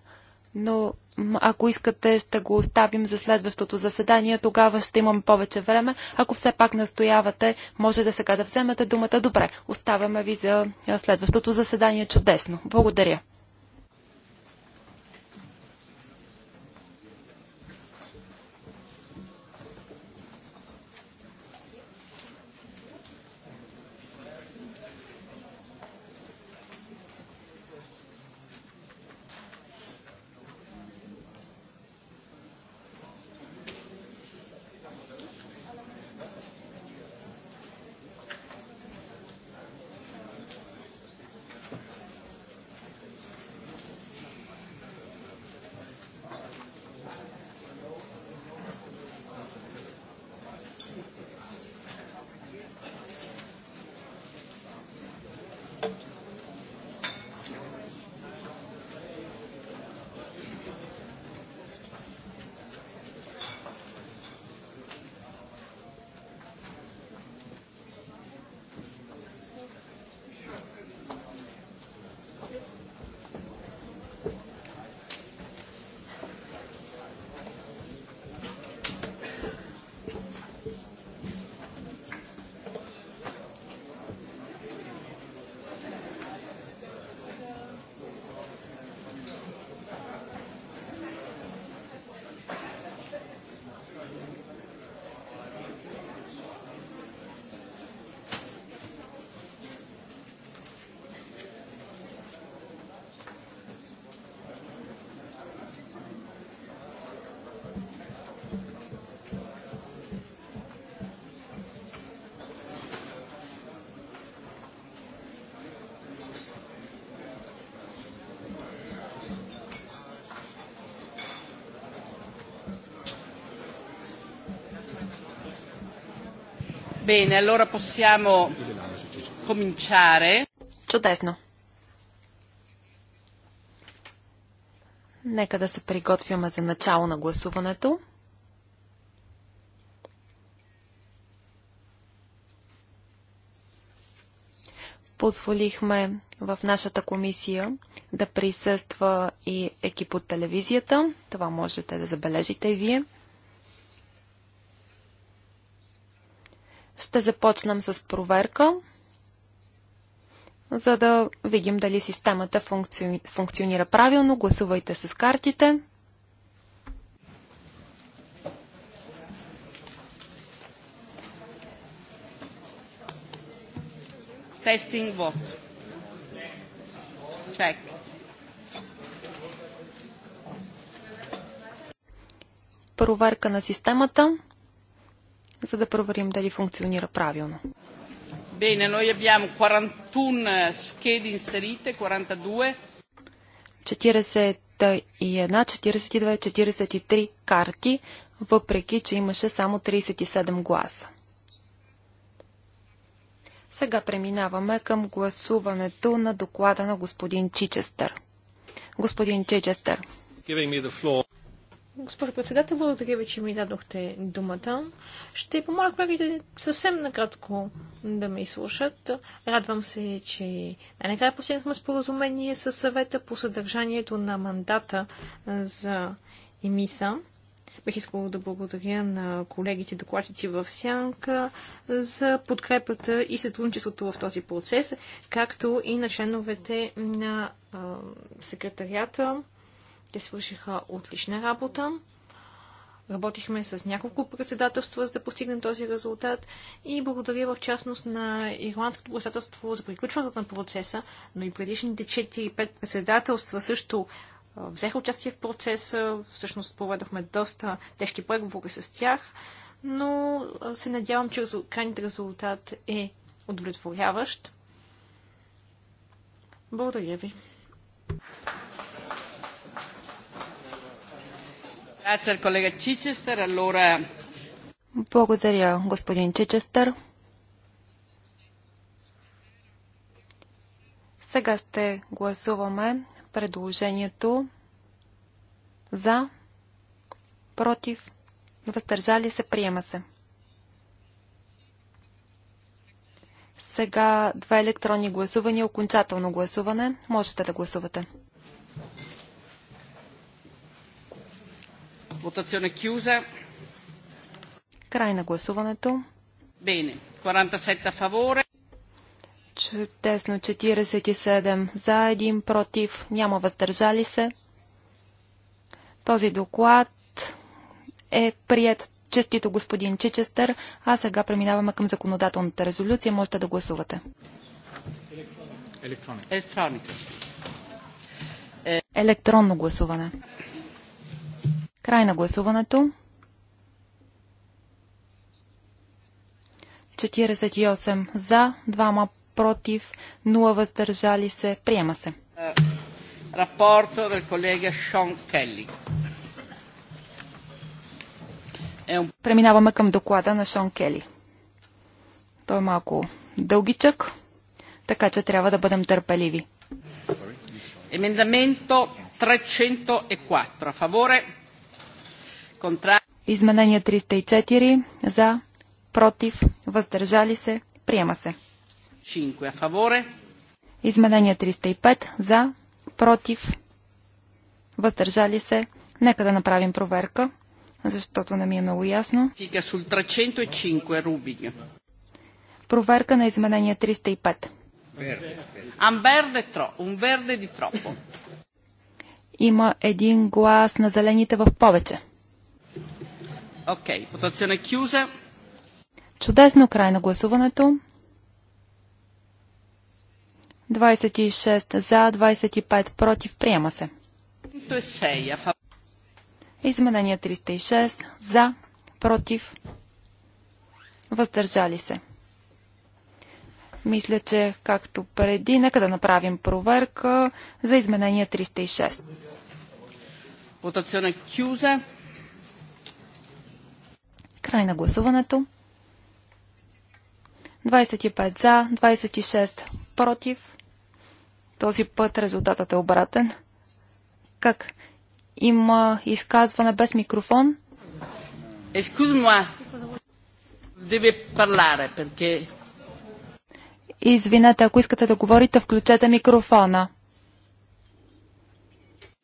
но ако искате, ще го оставим за следващото заседание. Тогава ще имам повече време. Ако все пак настоявате, може да сега да вземете думата. Добре, оставяме ви за следващото заседание. Чудесно. Благодаря. Bene, allora possiamo cominciare. Чудесно. Нека да се приготвяме за начало на гласуването. Позволихме в нашата комисия да присъства и екип от телевизията. Това можете да забележите и вие. Ще започнем с проверка, за да видим дали системата функци... функционира правилно. Гласувайте с картите. Тестинг вод. Чек. Проверка на системата за да проверим дали функционира правилно. Bene, noi abbiamo 41 schede inserite, 42. 41, 42, 43 карти, въпреки, че имаше само 37 гласа. Сега преминаваме към гласуването на доклада на господин Чичестър. Господин Чичестър, Госпожо председател, благодаря ви, че ми дадохте думата. Ще помоля колегите съвсем накратко да ме изслушат. Радвам се, че най-накрая постигнахме споразумение с съвета по съдържанието на мандата за ЕМИСА. Бих искала да благодаря на колегите докладчици в Сянка за подкрепата и сътрудничеството в този процес, както и на членовете на а, секретарията те свършиха отлична работа. Работихме с няколко председателства, за да постигнем този резултат и благодаря в частност на Ирландското председателство за приключването на процеса, но и предишните 4-5 председателства също взеха участие в процеса. Всъщност проведохме доста тежки преговори с тях, но се надявам, че крайният резултат е удовлетворяващ. Благодаря ви. Благодаря, господин Чичестър. Сега ще гласуваме предложението за, против, въздържали се, приема се. Сега два електронни гласувания, окончателно гласуване. Можете да гласувате. Votazione chiusa. Край на гласуването. Bene, 47 фаворе. Чудесно. 47 за, един против, няма въздържали се. Този доклад е прият Честито господин Чичестър, а сега преминаваме към законодателната резолюция. Можете да гласувате. Електронно гласуване. Край на гласуването. 48 за, 2 против, 0 въздържали се. Приема се. Рапорто на колега Шон Келли. Е Преминаваме към доклада на Шон Кели. Той е малко дългичък, така че трябва да бъдем търпеливи. Емендаменто 304. Е Фаворе. Изменение 304 за, против, въздържали се, приема се. Изменение 305 за, против, въздържали се. Нека да направим проверка, защото не ми е много ясно. Проверка на изменение 305. Има един глас на зелените в повече. Окей, votazione chiusa. Чудесно край на гласуването. 26 за, 25 против. Приема се. Изменение 306 за, против, въздържали се. Мисля, че както преди, нека да направим проверка за изменение 306. Votazione chiusa. Край на гласуването. 25 за, 26 против. Този път резултатът е обратен. Как? Има изказване без микрофон. Извинете, ако искате да говорите, включете микрофона.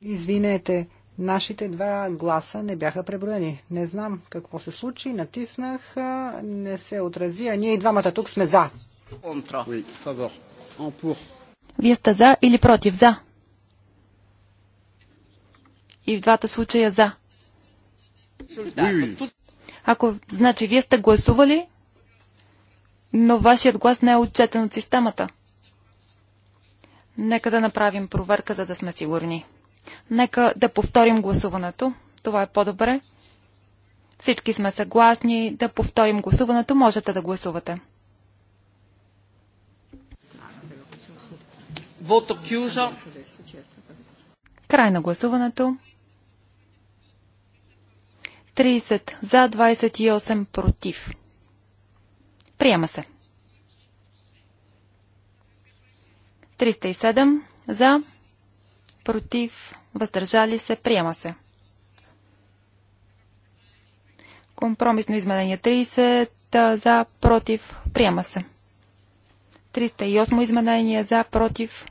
Извинете, Нашите два гласа не бяха преброени. Не знам какво се случи. Натиснах, не се отрази, а ние и двамата тук сме за. Вие сте за или против? За. И в двата случая за. Ако, значи, вие сте гласували, но вашият глас не е отчетен от системата. Нека да направим проверка, за да сме сигурни. Нека да повторим гласуването. Това е по-добре. Всички сме съгласни да повторим гласуването. Можете да гласувате. Вото Край на гласуването. 30 за 28 против. Приема се. 307 за против, въздържали се, приема се. Компромисно изменение 30 за, против, приема се. 308 изменение за, против,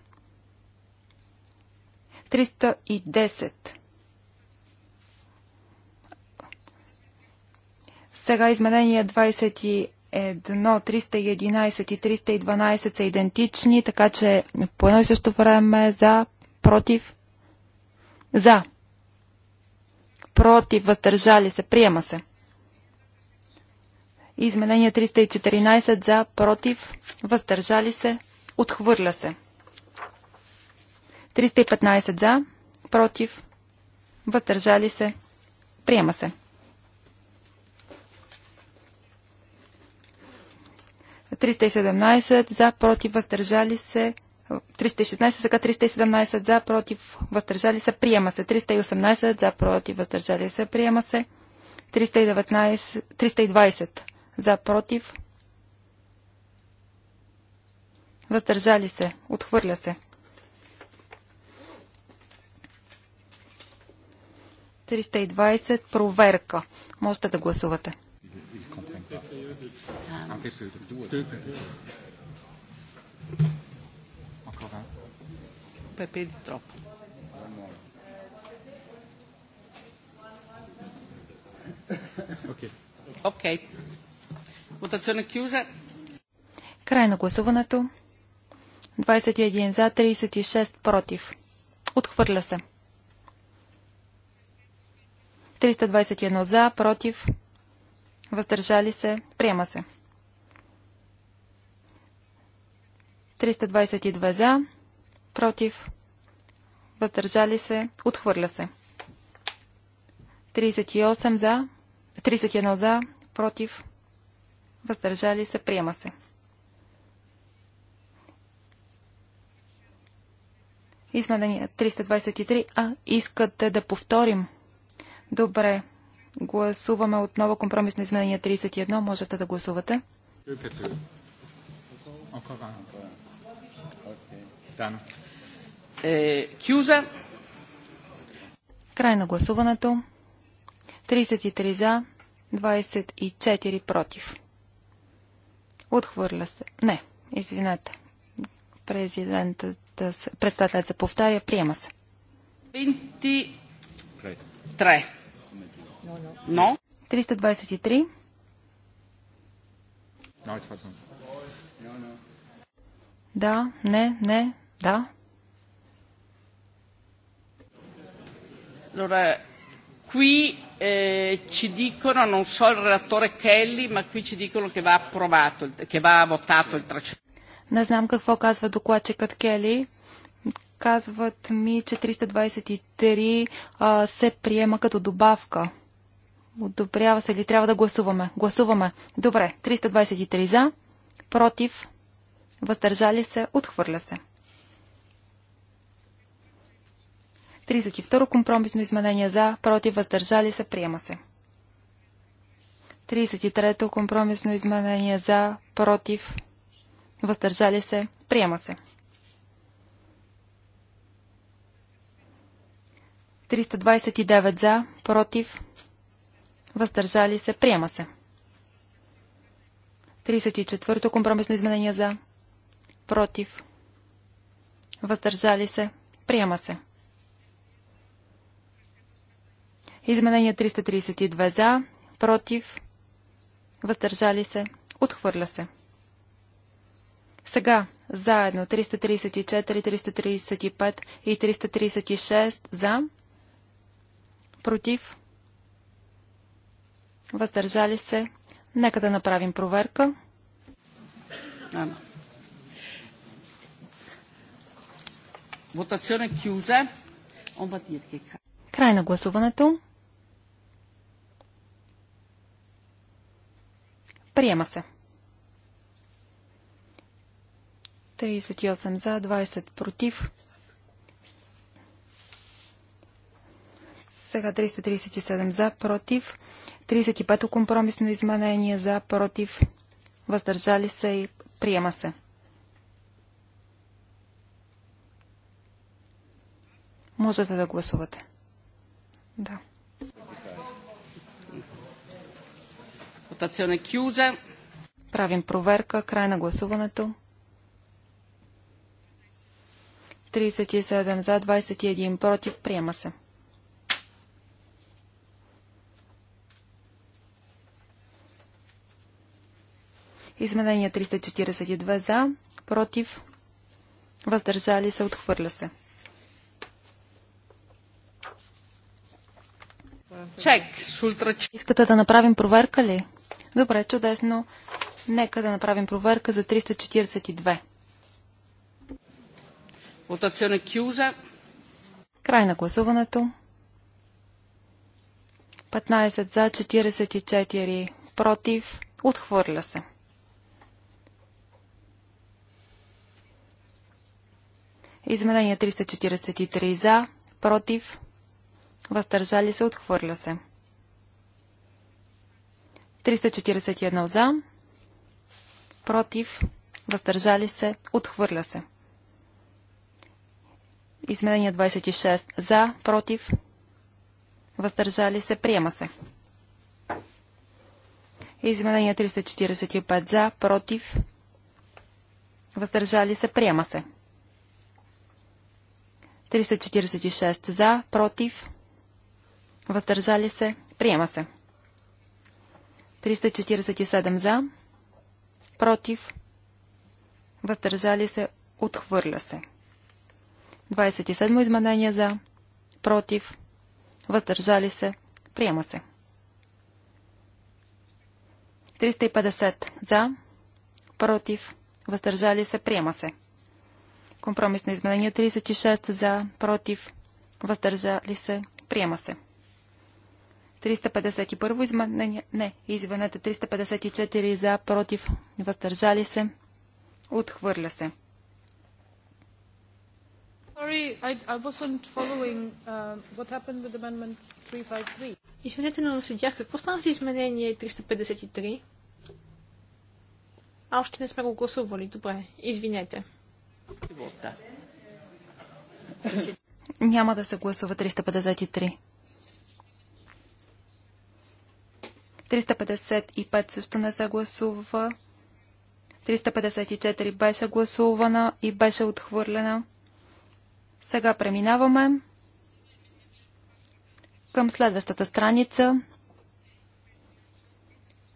310. Сега изменения 21, 311 и 312 са идентични, така че по едно и също време за, против, за, против, въздържали се, приема се. Изменение 314 за, против, въздържали се, отхвърля се. 315 за, против, въздържали се, приема се. 317 за, против, въздържали се, 316, сега 317 за, против, въздържали се, приема се. 318 за, против, въздържали се, приема се. 319, 320 за, против, въздържали се, отхвърля се. 320 проверка. Можете да гласувате. EPP troppo. Okay. Votazione chiusa. Край на гласуването. 21 за, 36 против. Отхвърля се. 321 за, против. Въздържали се. Приема се. 322 за, против, въздържали се, отхвърля се. 38 за, 31 за, против, въздържали се, приема се. Изменение 323. А, искате да повторим? Добре. Гласуваме отново компромисно изменение 31. Можете да гласувате. Dann е кюза. Край на гласуването. 33 за, 24 против. Отхвърля се. Не, извинете. Президентът, председателят се повтаря, приема се. 23. Но. 323. Да, не, не, да. Allora, qui eh, ci dicono, non so il relatore Kelly, ma qui ci dicono che va approvato, che va votato il 300. Не знам какво казва докладчикът Кели. Казват ми, че 323 а, се приема като добавка. Одобрява се ли? Трябва да гласуваме. Гласуваме. Добре. 323 за, против, въздържали се, отхвърля се. 32 компромисно изменение за, против, въздържали се, приема се. 33 компромисно изменение за, против, въздържали се, приема се. 329 за, против, въздържали се, приема се. 34-то компромисно изменение за, против, въздържали се, приема се. Изменение 332 за, против, въздържали се, отхвърля се. Сега, заедно 334, 335 и 336 за, против, въздържали се. Нека да направим проверка. Ама. Е е Край на гласуването. Приема се. 38 за, 20 против. Сега 337 за, против. 35-то компромисно изменение за, против. Въздържали се и приема се. Можете да гласувате. Да. Votazione chiusa. Правим проверка. Край на гласуването. 37 за, 21 против. Приема се. Изменение 342 за, против, въздържали се, отхвърля се. Чек. Искате да направим проверка ли? Добре, чудесно. Нека да направим проверка за 342. Край на гласуването. 15 за, 44 против. Отхвърля се. Изменение 343 за, против. Въздържали се, отхвърля се. 341 за, против, въздържали се, отхвърля се. Изменение 26 за, против, въздържали се, приема се. Изменение 345 за, против, въздържали се, приема се. 346 за, против, въздържали се, приема се. 347 за, против, въздържали се, отхвърля се. 27 изменение за, против, въздържали се, приема се. 350 за, против, въздържали се, приема се. Компромисно изменение 36 за, против, въздържали се, приема се. 351 изменение. Не, извинете, 354 за, против, въздържали се, отхвърля се. Uh, извинете, но седях. Какво стана с изменение 353? А още не сме го гласували. Добре, извинете. Няма да се гласува 353. 355 също не се гласува. 354 беше гласувана и беше отхвърлена. Сега преминаваме към следващата страница.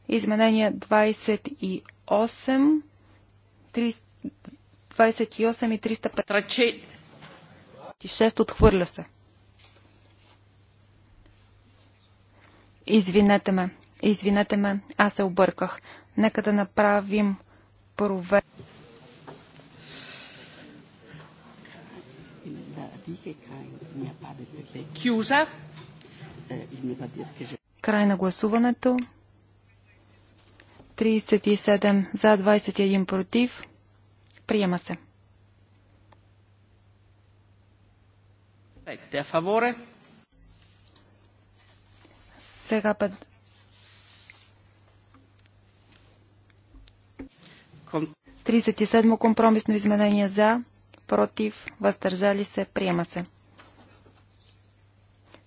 Изменение 28, 28 и 356 6 отхвърля се. Извинете ме. Извинете ме, аз се обърках. Нека да направим проверка. Край на гласуването. 37 за 21 против. Приема се. Сега 37 компромисно изменение за, против, въздържали се, приема се.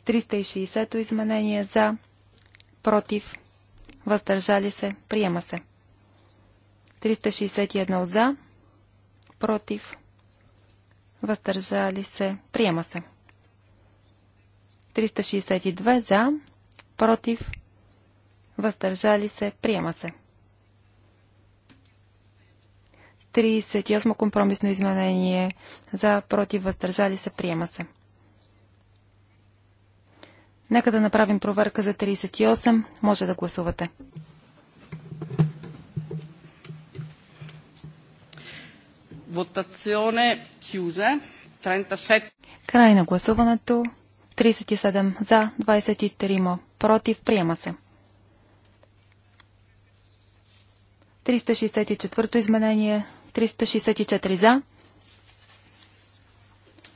360 изменение за, против, въздържали се, приема се. 361 за, против, въздържали се, приема се. 362 за, против, въздържали се, приема се. 38 компромисно изменение за против въздържали се приема се. Нека да направим проверка за 38. Може да гласувате. Votazione chiusa. 37. Край на гласуването. 37 за, 23 против. Приема се. 364 изменение 364 за.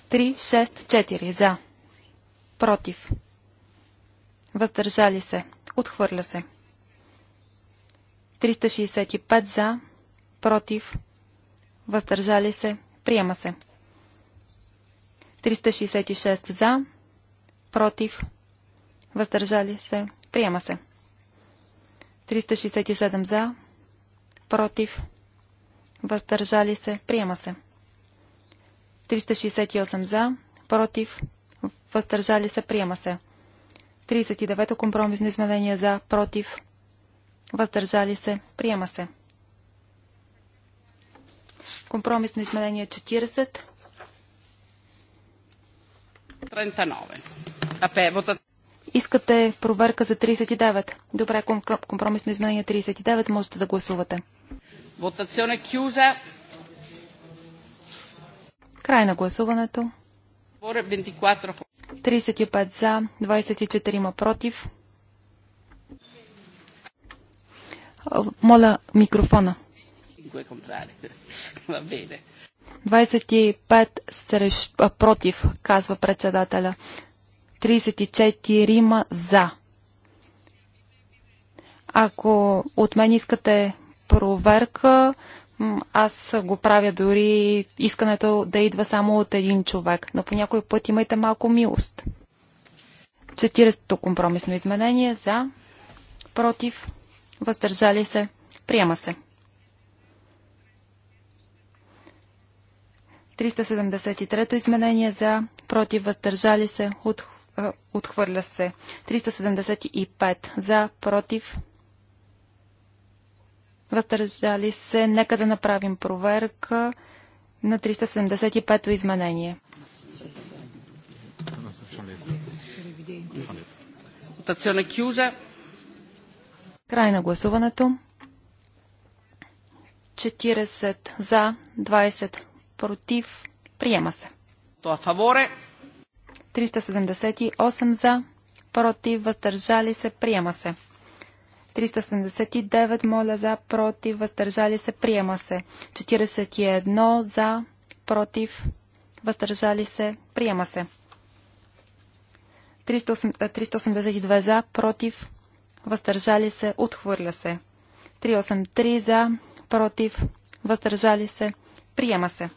364 за. Против. Въздържали се. Отхвърля се. 365 за. Против. Въздържали се. Приема се. 366 за. Против. Въздържали се. Приема се. 367 за. Против въздържали се, приема се. 368 за, против, въздържали се, приема се. 39 компромисно изменение за, против, въздържали се, приема се. Компромисно изменение 40. 39. Искате проверка за 39. Добре, компромисно изменение 39. Можете да гласувате. Votazione chiusa. Край на гласуването. 35 за, 24 против. Моля микрофона. 25 [LAUGHS] против, казва председателя. 34 за. Ако от мен искате проверка. Аз го правя дори искането да идва само от един човек, но по някой път имайте малко милост. 40-то компромисно изменение за, против, въздържали се, приема се. 373-то изменение за, против, въздържали се, е, отхвърля се. 375 за, против, въздържали се. Нека да направим проверка на 375-то изменение. Край на гласуването. 40 за, 20 против. Приема се. 378 за, против, въздържали се. Приема се. 379, моля за, против, въздържали се, приема се. 41 за, против, въздържали се, приема се. 382 за, против, въздържали се, отхвърля се. 383 за, против, въздържали се, приема се.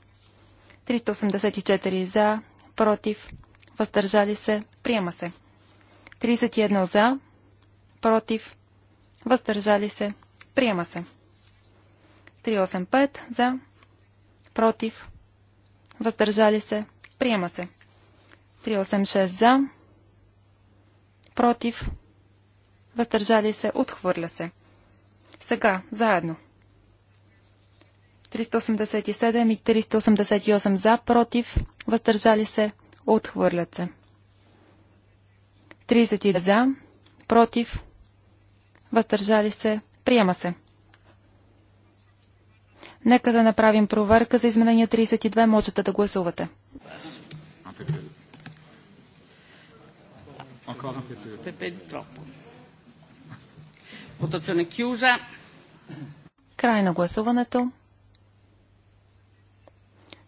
384 за, против, въздържали се, приема се. 31 за, против, въздържали се, приема се. 385 за, против, въздържали се, приема се. 386 за, против, въздържали се, отхвърля се. Сега, заедно. 387 и 388 за, против, въздържали се, отхвърлят се. 30 за, против, въздържали се, приема се. Нека да направим проверка за изменение 32. Можете да гласувате. Край на гласуването.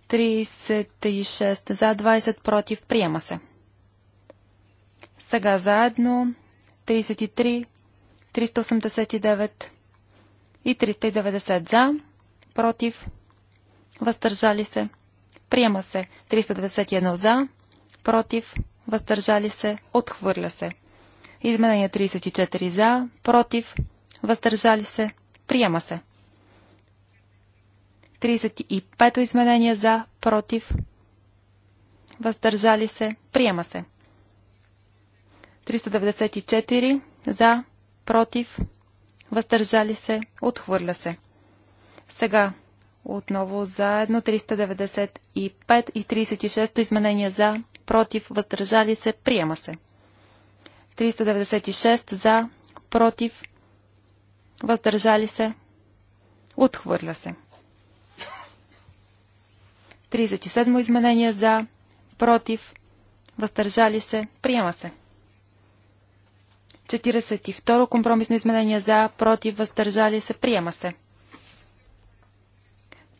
36 за 20 против. Приема се. Сега заедно 33, 389 и 390 за, против, въздържали се, приема се 391 за, против, въздържали се, отхвърля се. Изменение 34 за, против, въздържали се, приема се. 35 изменение за, против, въздържали се, приема се. 394 за, против, въздържали се, отхвърля се. Сега отново заедно 395 и 36 изменения за, против, въздържали се, приема се. 396 за, против, въздържали се, отхвърля се. 37 изменение за, против, въздържали се, приема се. 42 компромисно изменение за, против, въздържали се, приема се.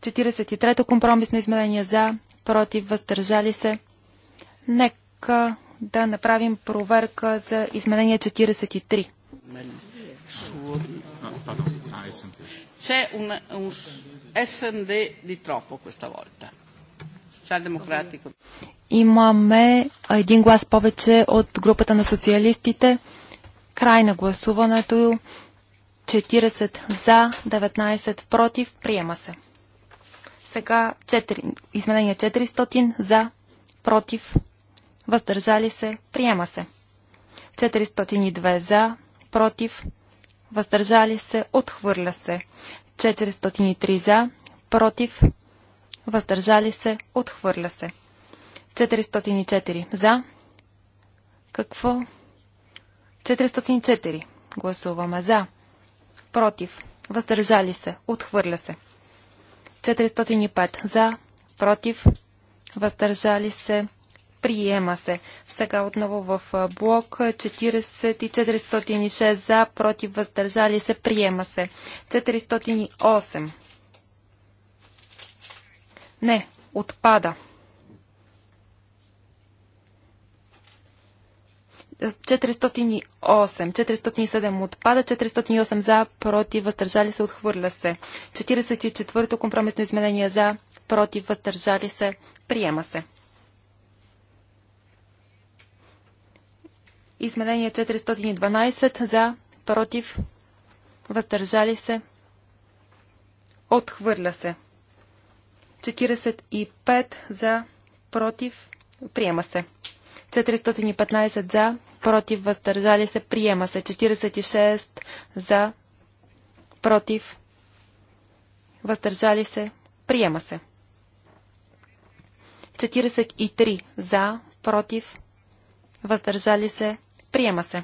43 компромисно изменение за, против, въздържали се. Нека да направим проверка за изменение 43. C'è un, un SND di troppo questa volta. Имаме един глас повече от групата на социалистите. Край на гласуването. 40 за, 19 против. Приема се. Сега 4, изменение 400 за, против, въздържали се, приема се. 402 за, против, въздържали се, отхвърля се. 403 за, против, въздържали се, отхвърля се. 404 за. Какво? 404. Гласуваме за. Против. Въздържали се. Отхвърля се. 405. За. Против. Въздържали се. Приема се. Сега отново в блок 40 и 406 за, против, въздържали се. Приема се. 408. Не. Отпада. 408. 408, 407 отпада, 408 за, против, въздържали се, отхвърля се. 44-то компромисно изменение за, против, въздържали се, приема се. Изменение 412 за, против, въздържали се, отхвърля се. 45 за, против, приема се. 415 за, против, въздържали се, приема се. 46 за, против, въздържали се, приема се. 43 за, против, въздържали се, приема се.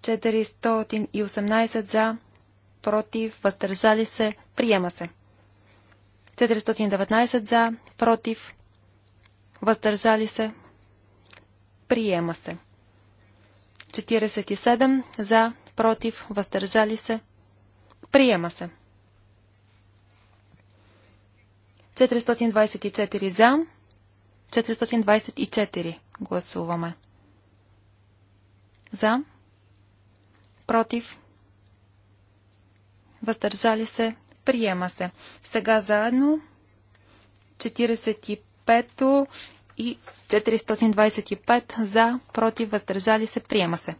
418 за, против, въздържали се, приема се. 419 за, против, въздържали се, Приема се. 47 за, против, въздържали се. Приема се. 424 за, 424 гласуваме. За, против, въздържали се, приема се. Сега заедно 45-то и 425 за, против, въздържали се, приема се.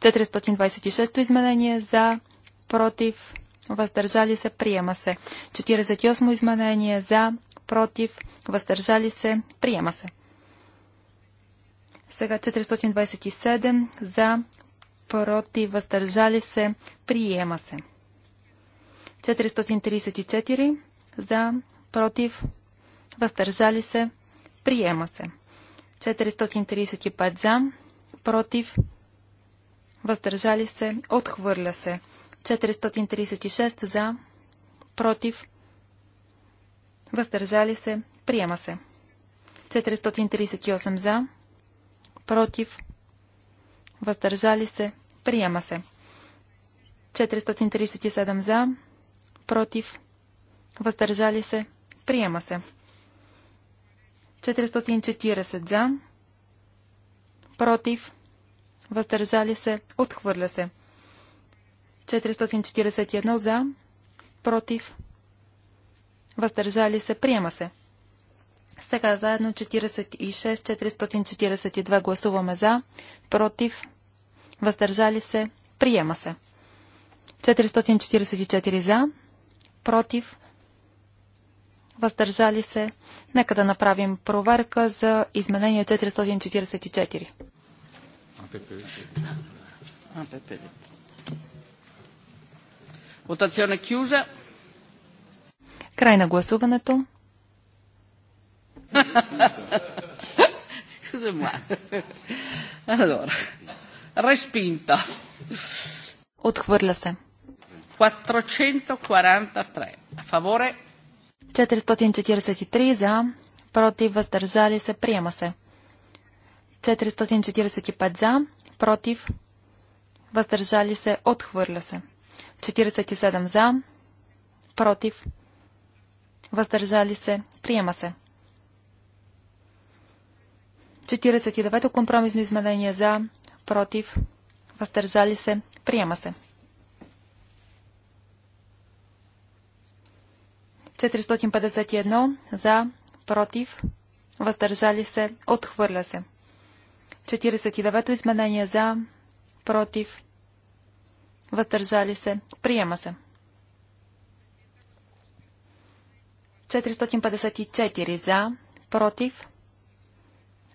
426 изменение за, против, въздържали се, приема се. 48 изменение за, против, въздържали се, приема се. Сега 427 за, против, въздържали се, приема се. 434 за, против, въздържали се, Приема се. 435 за, против, въздържали се, отхвърля се. 436 за, против, въздържали се, приема се. 438 за, против, въздържали се, приема се. 437 за, против, въздържали се, приема се. 440 за, против, въздържали се, отхвърля се. 441 за, против, въздържали се, приема се. Сега заедно 46, 442 гласуваме за, против, въздържали се, приема се. 444 за, против, въздържали се. Нека да направим проверка за изменение 444. Votazione chiusa. Край на гласуването. [LAUGHS] Allora, respinta. Отхвърля се. 443. A favore 443 за, против, въздържали се, приема се. 445 за, против, въздържали се, отхвърля се. 47 за, против, въздържали се, приема се. 49 компромисно изменение за, против, въздържали се, приема се. 451 за, против, въздържали се, отхвърля се. 49-то изменение за, против, въздържали се, приема се. 454 за, против,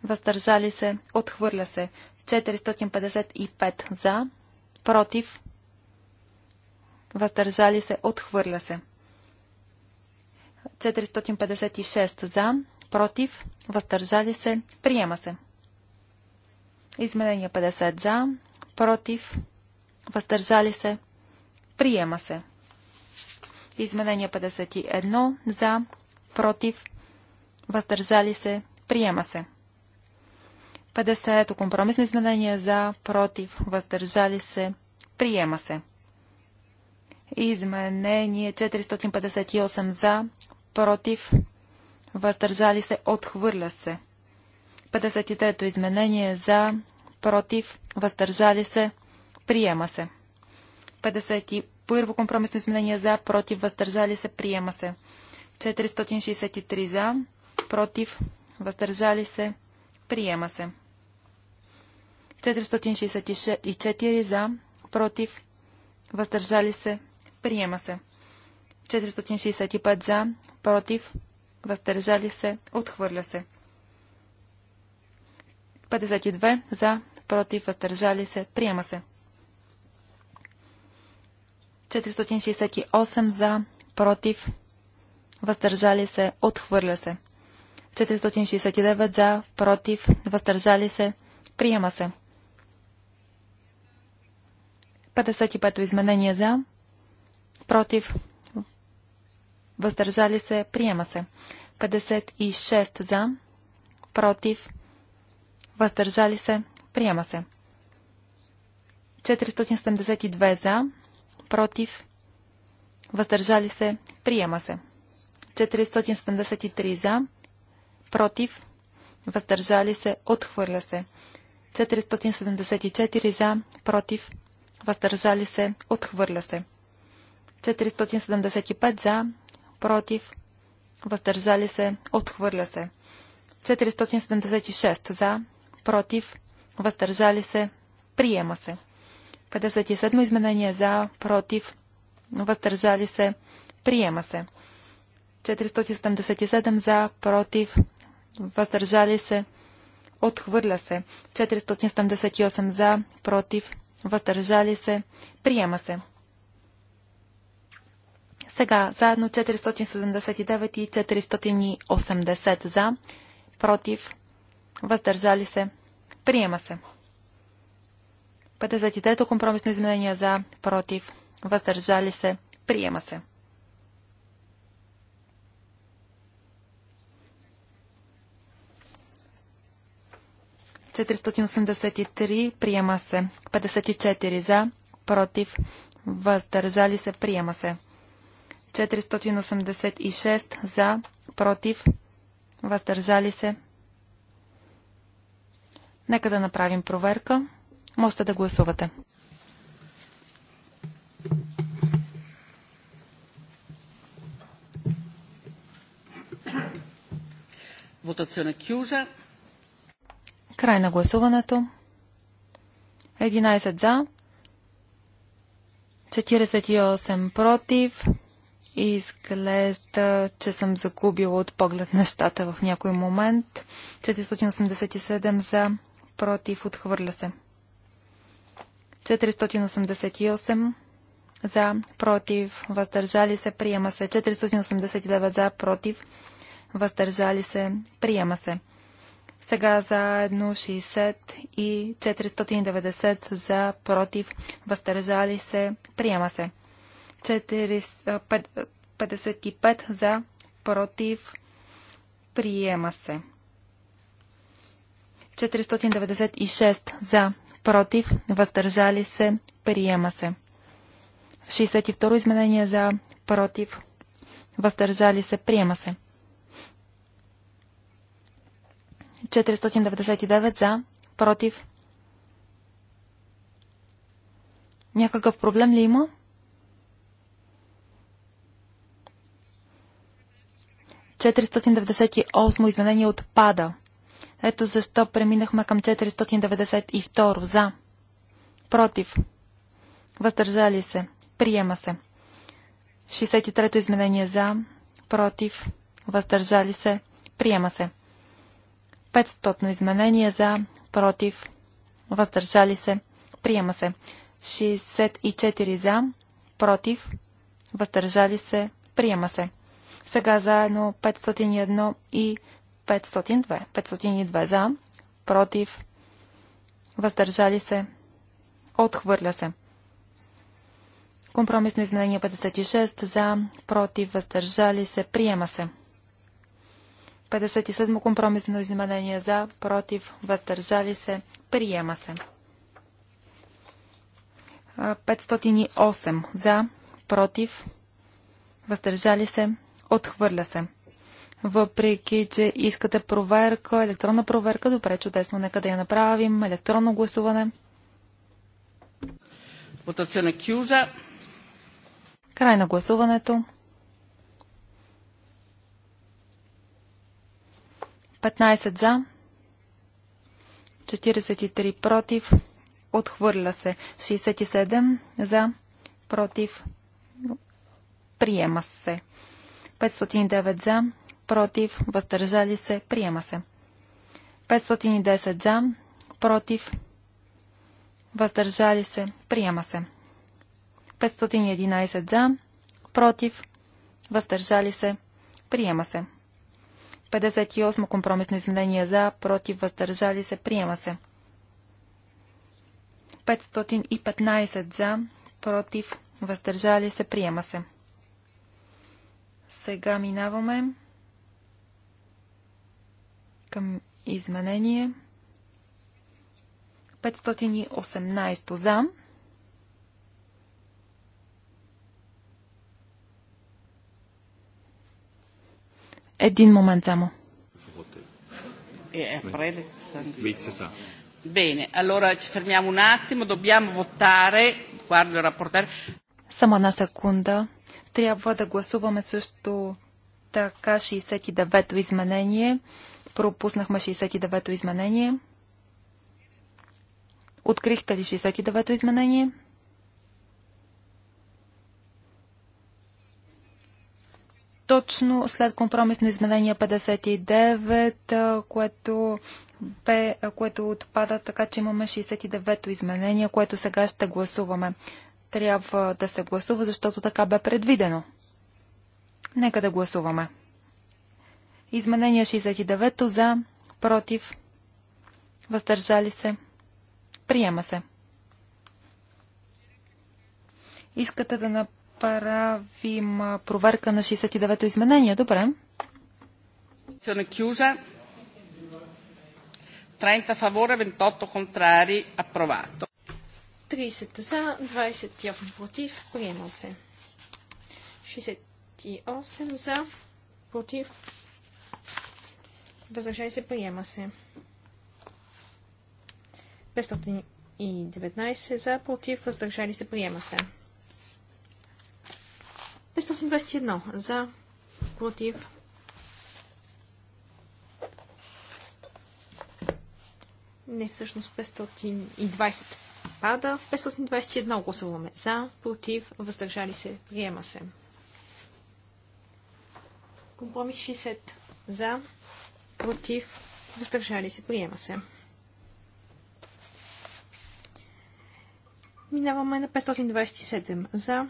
въздържали се, отхвърля се. 455 за, против, въздържали се, отхвърля се. 456 за, против, въздържали се, приема се. Изменение 50 за, против, въздържали се, приема се. Изменение 51 за, против, въздържали се, приема се. 50 компромисно изменение за, против, въздържали се, приема се. Изменение 458 за, против, въздържали се, отхвърля се. 53-то изменение за, против, въздържали се, приема се. 51-во компромисно изменение за, против, въздържали се, приема се. 463 за, против, въздържали се, приема се. 464 за, против, въздържали се, приема се. 465 за, против, въздържали се, отхвърля се. 52 за, против, въздържали се, приема се. 468 за, против, въздържали се, отхвърля се. 469 за, против, въздържали се, приема се. 55 изменение за, против, въздържали се, приема се. 56 за, против, въздържали се, приема се. 472 за, против, въздържали се, приема се. 473 за, против, въздържали се, отхвърля се. 474 за, против, въздържали се, отхвърля се. 475 за, против, въздържали се, отхвърля се. 476 за, против, въздържали се, приема се. 57 изменение за, против, въздържали се, приема се. 477 за, против, въздържали се, отхвърля се. 478 за, против, въздържали се, приема се. Сега, заедно 479 и 480 за, против, въздържали се, приема се. 53-то компромисно изменение за, против, въздържали се, приема се. ...483 приема се, 54 за, против, въздържали се, приема се. 486 за, против, въздържали се. Нека да направим проверка. Можете да гласувате. Votazione chiusa. Край на гласуването. 11 за, 48 против, и изглежда, че съм загубила от поглед нещата в някой момент. 487 за, против, отхвърля се. 488 за, против, въздържали се, приема се. 489 за, против, въздържали се, приема се. Сега заедно 60 и 490 за, против, въздържали се, приема се. 55 за, против, приема се. 496 за, против, въздържали се, приема се. 62 изменение за, против, въздържали се, приема се. 499 за, против. Някакъв проблем ли има? 499. 498 изменение отпада. Ето защо преминахме към 492 за. Против. Въздържали се. Приема се. 63-то изменение за. Против. Въздържали се. Приема се. 500-то изменение за. Против. Въздържали се. Приема се. 64 за. Против. Въздържали се. Приема се. Сега заедно 501 и 502. 502 за, против, въздържали се, отхвърля се. Компромисно изменение 56 за, против, въздържали се, приема се. 57 компромисно изменение за, против, въздържали се, приема се. 508 за, против, въздържали се, Отхвърля се. Въпреки, че искате проверка, електронна проверка, добре, чудесно, нека да я направим. Електронно гласуване. на Кюза. Край на гласуването. 15 за, 43 против, отхвърля се. 67 за, против, приема се. 509 за, против, въздържали се, приема се. 510 за, против, въздържали се, приема се. 511 за, против, въздържали се, приема се. 58 компромисно изменение за, против, въздържали се, приема се. 515 за, против, въздържали се, приема се. Сега минаваме към изменение 518 за. Един момент само. Bene, allora ci fermiamo un attimo, dobbiamo votare, guardo il rapportare. Само една секунда. Трябва да гласуваме също така 69-то изменение. Пропуснахме 69-то изменение. Открихте ли 69-то изменение? Точно след компромисно изменение 59, което, бе, което отпада, така че имаме 69-то изменение, което сега ще гласуваме трябва да се гласува, защото така бе предвидено. Нека да гласуваме. Изменение 69 за, против, въздържали се, приема се. Искате да направим проверка на 69-то изменение, добре. кюжа. 30 фавора, 28 контрари, апровато. 30 за, 28 против. Приема се. 68 за, против. Въздържали се. Приема се. 519 за, против. Въздържали се. Приема се. 521 за, против. Не, всъщност 520 Пада. 521 гласуваме за, против, въздържали се, приема се. Компромис 60 за, против, въздържали се, приема се. Минаваме на 527 за,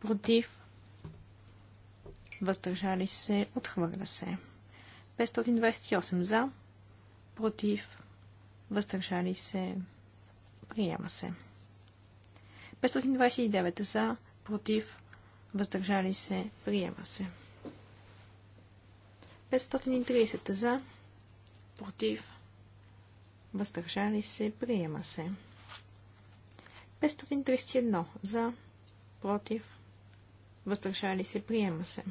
против, въздържали се, отхвърля се. 528 за, против, въздържали се, Приема се. 529 за, против, въздържали се, приема се. 530 за, против, въздържали се, приема се. 531 за, против, въздържали се, приема се.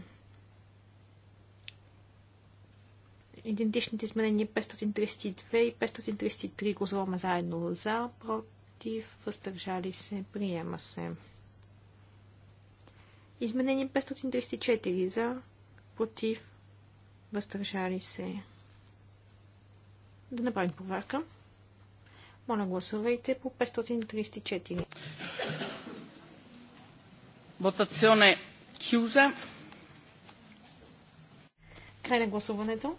идентичните изменения 532 и 533 гласуваме заедно за, против, въздържали се, приема се. Изменение 534 за, против, въздържали се. Да направим проверка. Моля, гласувайте по 534. Votazione chiusa. Край на гласуването.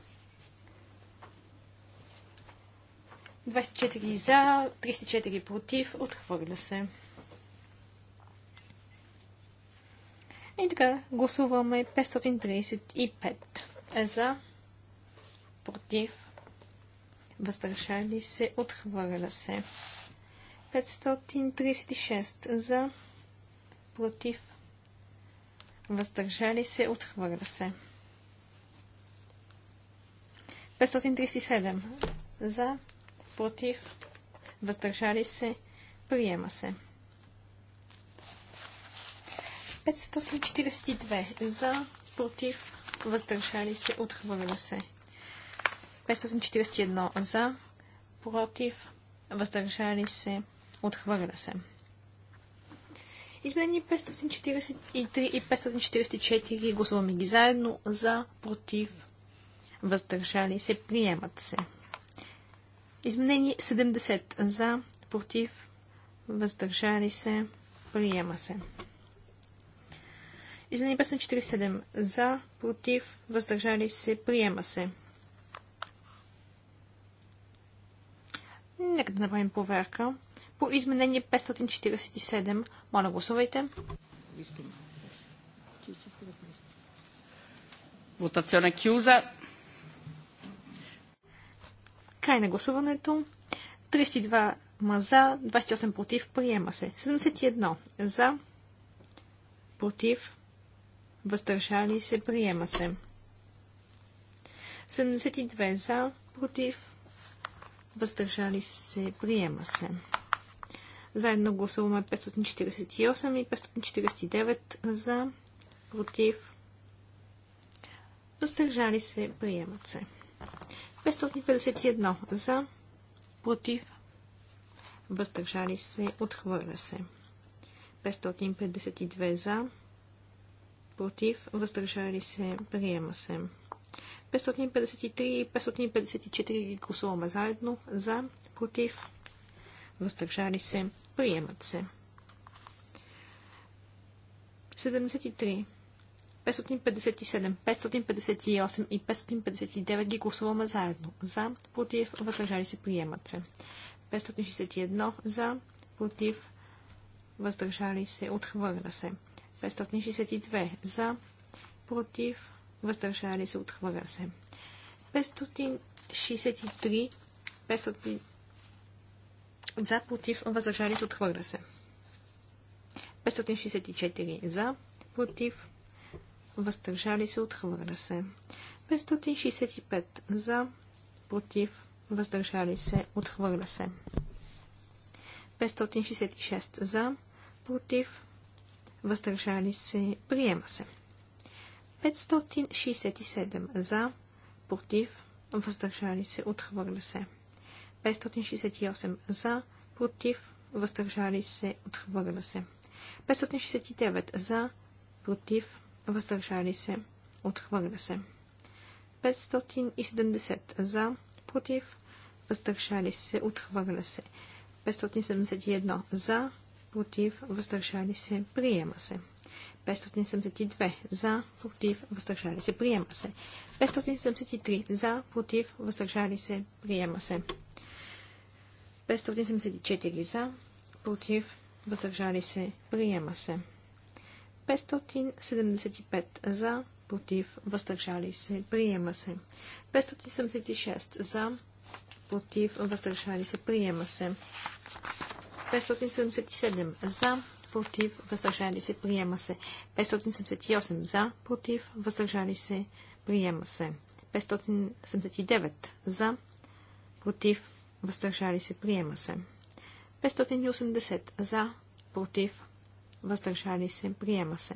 24 за, 34 против, отхвърля се. И така, гласуваме 535 е, за, против, въздържали се, отхвърля се. 536 за, против, въздържали се, отхвърля се. 537 за, против, въздържали се, приема се. 542 за, против, въздържали се, отхвърля се. 541 за, против, въздържали се, отхвърля се. Изменени 543 и 544 гласуваме ги заедно за, против, въздържали се, приемат се. Изменение 70 за, против, въздържали се, приема се. Изменение 547 за, против, въздържали се, приема се. Нека да направим проверка. По изменение 547, моля гласувайте. Votazione chiusa. Край на гласуването. 32 ма за, 28 против, приема се. 71 за, против, въздържали се, приема се. 72 за, против, въздържали се, приема се. Заедно гласуваме 548 и 549 за, против, въздържали се, приемат се. 551 за, против, въздържали се, отхвърля се. 552 за, против, въздържали се, приема се. 553 и 554 гласуваме заедно, за, против, въздържали се, приемат се. 73 557, 558 и 559 ги гласуваме заедно. За, против, въздържали се, приемат се. 561 за, против, въздържали се, отхвърля се. 562 за, против, въздържали се, отхвърля се. 563 500... за, против, въздържали се, отхвърля се. 564 за, против, въздържали се, отхвърля се. 565 за, против, въздържали се, отхвърля се. 566 за, против, въздържали се, приема се. 567 за, против, въздържали се, отхвърля се. 568 за, против, въздържали се, отхвърля се. 569 за, против, въздържали се, отхвърля се. 570 за, против, въздържали се, отхвърля се. 571 за, против, въздържали се, приема се. 572 за, против, въздържали се, приема се. 573 за, против, въздържали се, приема се. 574 за, против, въздържали се, приема се. 575 за, против, въздържали се, приема се. 576 за, против, въздържали се, приема се. 577 за, против, въздържали се, приема се. 578 за, против, въздържали се, приема се. 579 за, против, въздържали се, приема се. 580 за, против, въздържали се, приема се.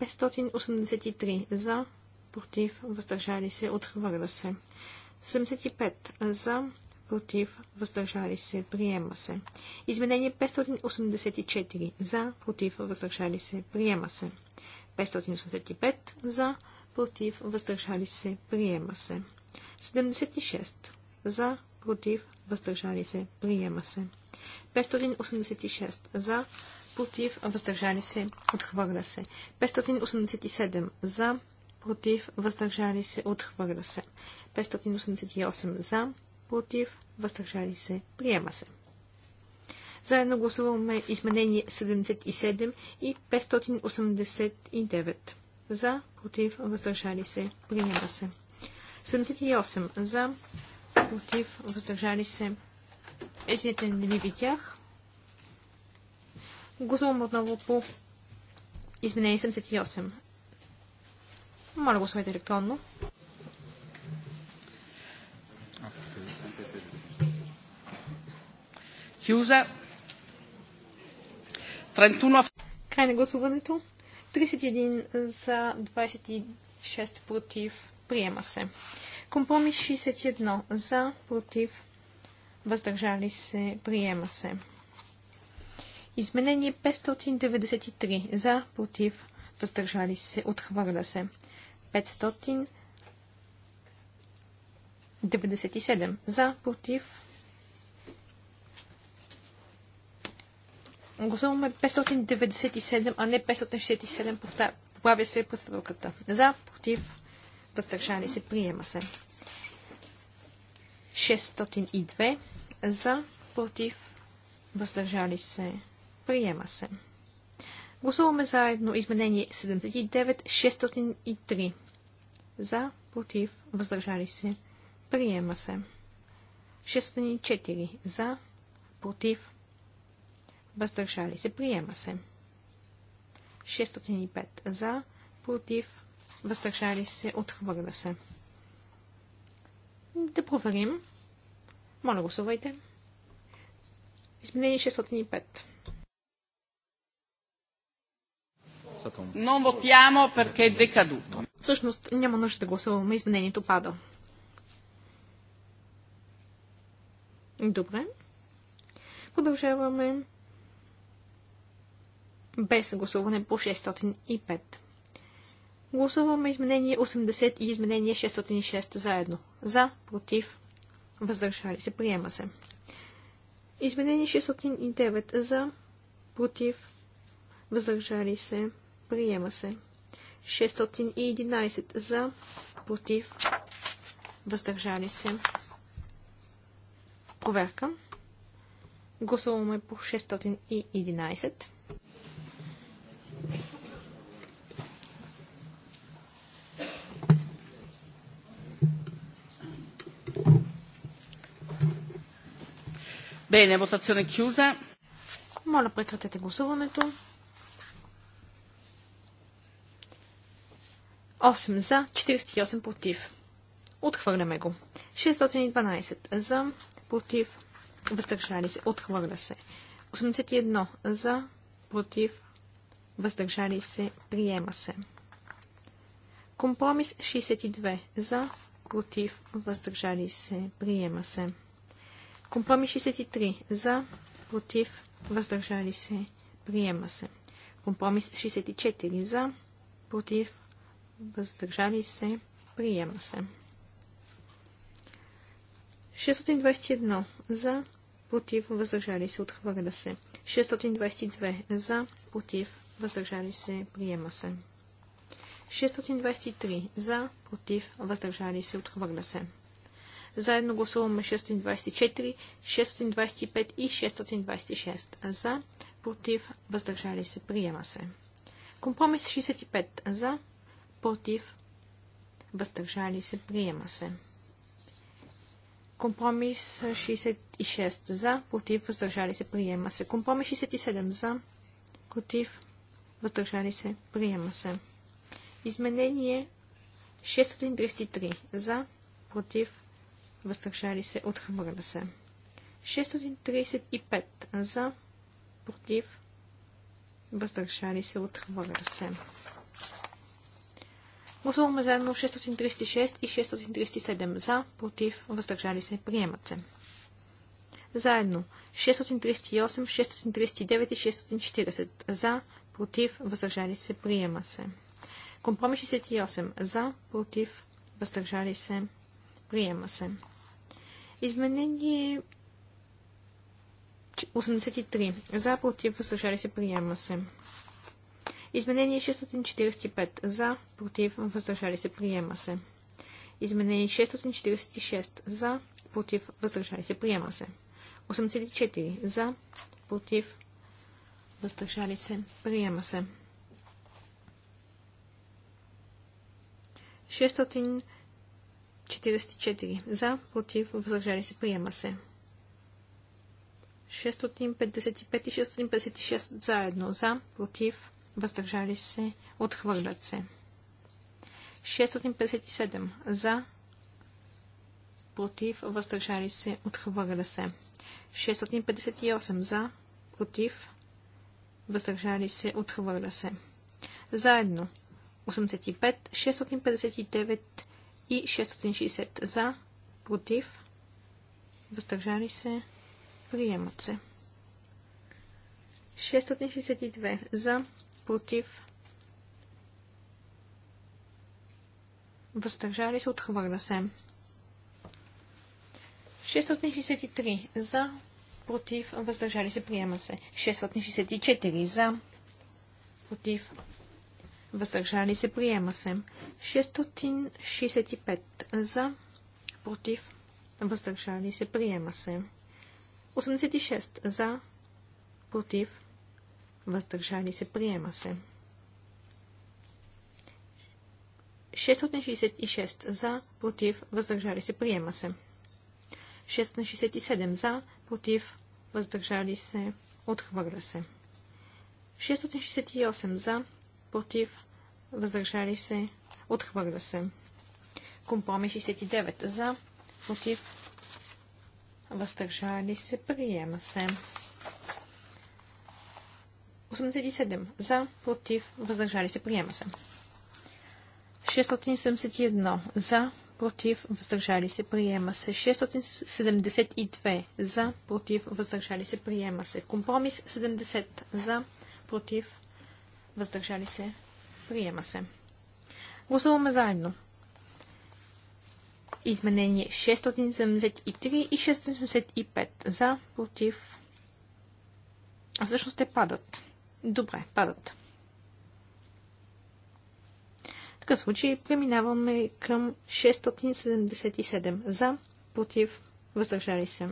583 за, против, въздържали се, отхвърля се. 75 за, против, въздържали се, приема се. Изменение 584 за, против, въздържали се, приема се. 585 за, против, въздържали се, приема се. 76 за, против, въздържали се, приема се. 586 за, против, въздържали се, отхвърля се. 587 за, против, въздържали се, отхвърля се. 588 за, против, въздържали се, приема се. Заедно гласуваме изменение 77 и 589 за, против, въздържали се, приема се. 78 за, против, въздържали се, Извинете, не ви видях. Гласувам отново по изменение 78. Моля, гласувайте електронно. Хюза. 31. Край на гласуването. 31 за 26 против. Приема се. Компромис 61 за против въздържали се, приема се. Изменение 593 за, против, въздържали се, отхвърля се. 597 за, против. Гласуваме 597, а не 567, поправя се председателката. За, против, въздържали се, приема се. 602 за, против, въздържали се, приема се. Гласуваме заедно изменение 79-603. За, против, въздържали се, приема се. 604 за, против, въздържали се, приема се. 605 за, против, въздържали се, отхвърля се. Да проверим. Моля, гласувайте. Изменение 605. Но votiamo perché е decaduto. Всъщност няма нужда да гласуваме, изменението пада. Добре. Продължаваме без гласуване по 605. Гласуваме изменение 80 и изменение 606 заедно. За, против, въздържали се, приема се. Изменение 609 за, против, въздържали се, приема се. 611 за, против, въздържали се. Проверка. Гласуваме по 611. Bene, votazione chiusa. Моля, прекратете гласуването. 8 за, 48 против. Отхвърляме го. 612 за, против, въздържали се, отхвърля се. 81 за, против, въздържали се, приема се. Компромис 62 за, против, въздържали се, приема се. Компромис 63. За, против, въздържали се, приема се. Компромис 64. За, против, въздържали се, приема се. 621. За, против, въздържали се, отхвърля се. 622. За, против, въздържали се, приема се. 623. За, против, въздържали се, отхвърля се. Заедно гласуваме 624, 625 и 626 за, против, въздържали се, приема се. Компромис 65 за, против, въздържали се, приема се. Компромис 66 за, против, въздържали се, приема се. Компромис 67 за, против, въздържали се, приема се. Изменение 633 за, против, въздържали се, отхвърля се. 635 за, против, въздържали се, отхвърля се. Гласуваме заедно 636 и 637 за, против, въздържали се, приемат се. Заедно 638, 639 и 640 за, против, въздържали се, приема се. Компромис 68 за, против, въздържали се, приема се. Изменение 83. За, против, въздържали се, приема се. Изменение 645. За, против, въздържали се, приема се. Изменение 646. За, против, въздържали се, приема се. 84. За, против, въздържали се, приема се. 647. 44. За, против, въздържали се, приема се. 655 и 656 заедно. За, против, въздържали се, отхвърлят се. 657. За, против, въздържали се, отхвърля се. 658. За, против, въздържали се, отхвърля се. Заедно. 85, 659 и 660 за, против, въздържали се, приемат се. 662 за, против, въздържали се, отхвърля се. 663 за, против, въздържали се, приема се. 664 за, против, въздържали се, приема се. 665 за, против, въздържали се, приема се. 86 за, против, въздържали се, приема се. 666 за, против, въздържали се, приема се. 667 за, против, въздържали се, отхвърля се. 668 за, против, въздържали се, отхвърля се. Компромис 69 за, против, въздържали се, приема се. 87 за, против, въздържали се, приема се. 671 за, против, въздържали се, приема се. 672 за, против, въздържали се, приема се. Компромис 70 за, против, въздържали се, приема се. Гласуваме заедно. Изменение 673 и 675 за, против. А всъщност те падат. Добре, падат. В такъв случай преминаваме към 677 за, против, въздържали се.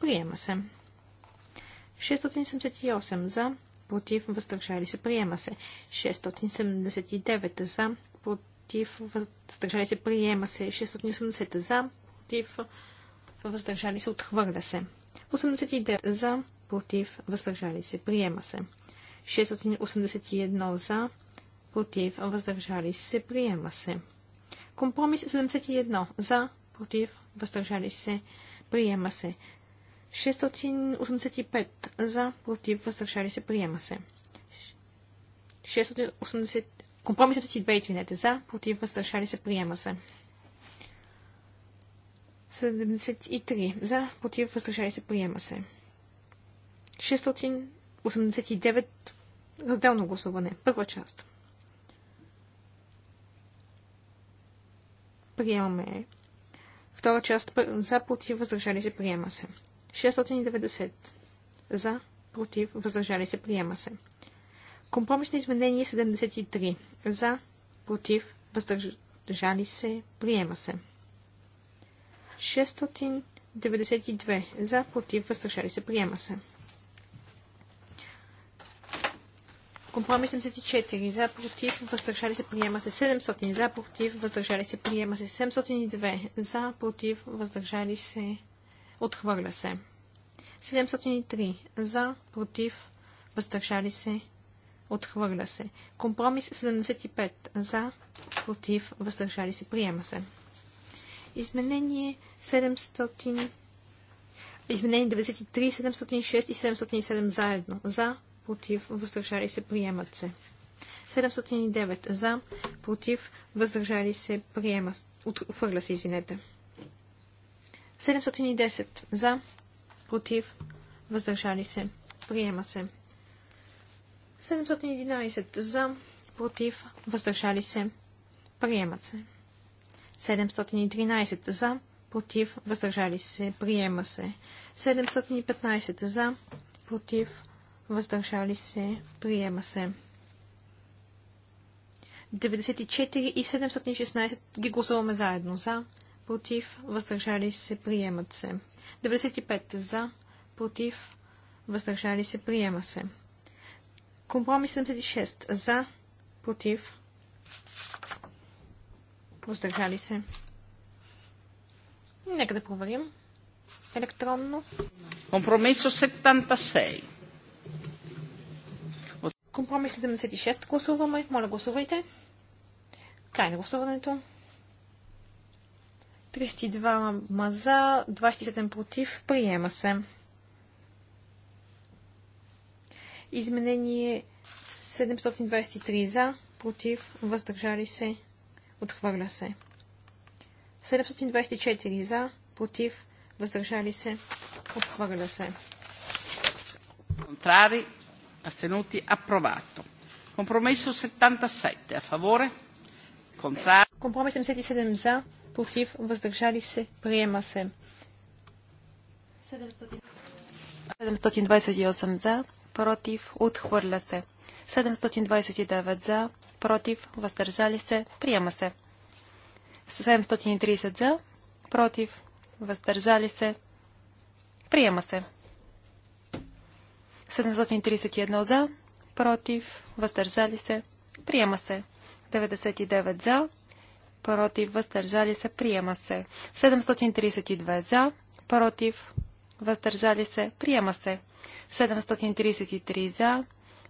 Приема се. 678 за, против, въздържали се, приема се. 679 за, против, въздържали се, приема се. 680 за, против, въздържали се, отхвърля се. 89 за, против, въздържали се, приема се. 681 за, против, въздържали се, приема се. Компромис 71 за, против, въздържали се, приема се. 685 за, против, въздържали се, приема се. 680... си 72, извинете, за, против, въздържали се, приема се. 73 за, против, въздържали се, приема се. 689 разделно гласуване. Първа част. Приемаме. Втора част за, против, въздържали се, приема се. 690. За, против, въздържали се, приема се. Компромисно изменение 73. За, против, въздържали се, приема се. 692. За, против, въздържали се, приема се. Компромис 74. За, против, въздържали се, приема се 700. За, против, въздържали се, приема се 702. За, против, въздържали се, Отхвърля се. 703. За, против, въздържали се. Отхвърля се. Компромис 75. За, против, въздържали се. Приема се. Изменение 700. Изменение 93, 706 и 707 заедно. За, против, въздържали се. Приемат се. 709. За, против, въздържали се. Приема. Отхвърля се, извинете. 710 за, против, въздържали се, приема се. 711 за, против, въздържали се, приемат се. 713 за, против, въздържали се, приема се. 715 за, против, въздържали се, приема се. 94 и 716 ги гласуваме заедно за, против, въздържали се, приемат се. 95 за, против, въздържали се, приема се. Компромис 76 за, против, въздържали се. Нека да проверим електронно. Компромисо 76. Компромис 76 гласуваме. Моля, гласувайте. Край на гласуването. 32 маза, 27 против. Приема се. Изменение 723 за, против, въздържали се, отхвърля се. 724 за, против, въздържали се, отхвърля се. Контрари, астенути, апровато. Компромисо 77, а фаворе, контрари. Компромис 77 за, против, въздържали се, приема се. 728 за, против, отхвърля се. 729 за, против, въздържали се, приема се. 730 за, против, въздържали се, приема се. 731 за, против, въздържали се, приема се. 99 за, против, въздържали се, приема се. 732 за, против, въздържали се, приема се. 733 за,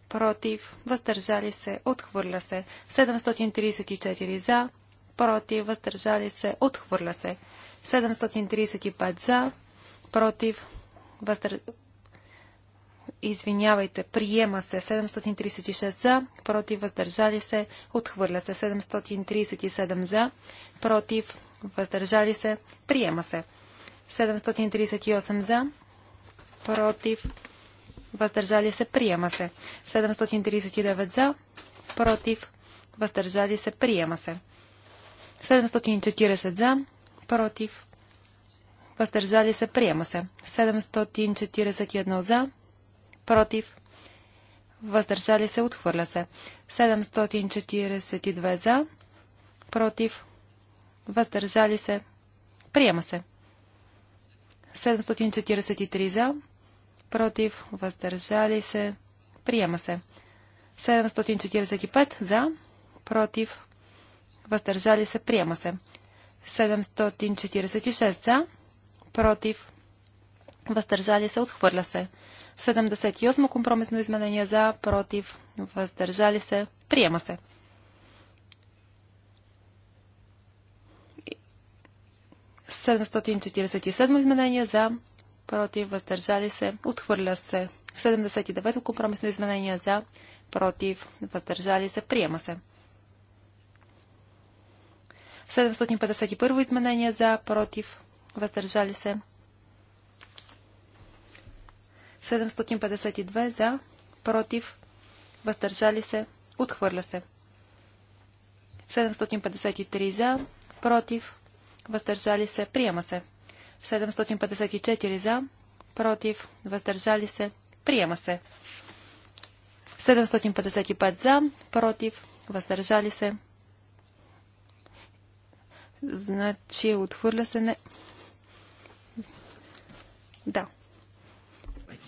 против, въздържали се, отхвърля се. 734 за, против, въздържали се, отхвърля се. 735 за, против, се извинявайте, приема се 736 за, против, въздържали се, отхвърля се 737 за, против, въздържали се, приема се 738 за, против, въздържали се, приема се 739 за, против, въздържали се, приема се 740 за, против, въздържали се, приема се 741 за, против, въздържали се, отхвърля се. 742 за, против, въздържали се, приема се. 743 за, против, въздържали се, приема се. 745 за, против, въздържали се, приема се. 746 за, против, въздържали се, отхвърля се. 78 компромисно изменение за, против, въздържали се, приема се. И 747 изменения за, против, въздържали се, отхвърля се. 79 компромисно изменение за, против, въздържали се, приема се. 751 изменение за, против, въздържали се, 752 за, против, въздържали се, отхвърля се. 753 за, против, въздържали се, приема се. 754 за, против, въздържали се, приема се. 755 за, против, въздържали се. Значи, отхвърля се не. Да.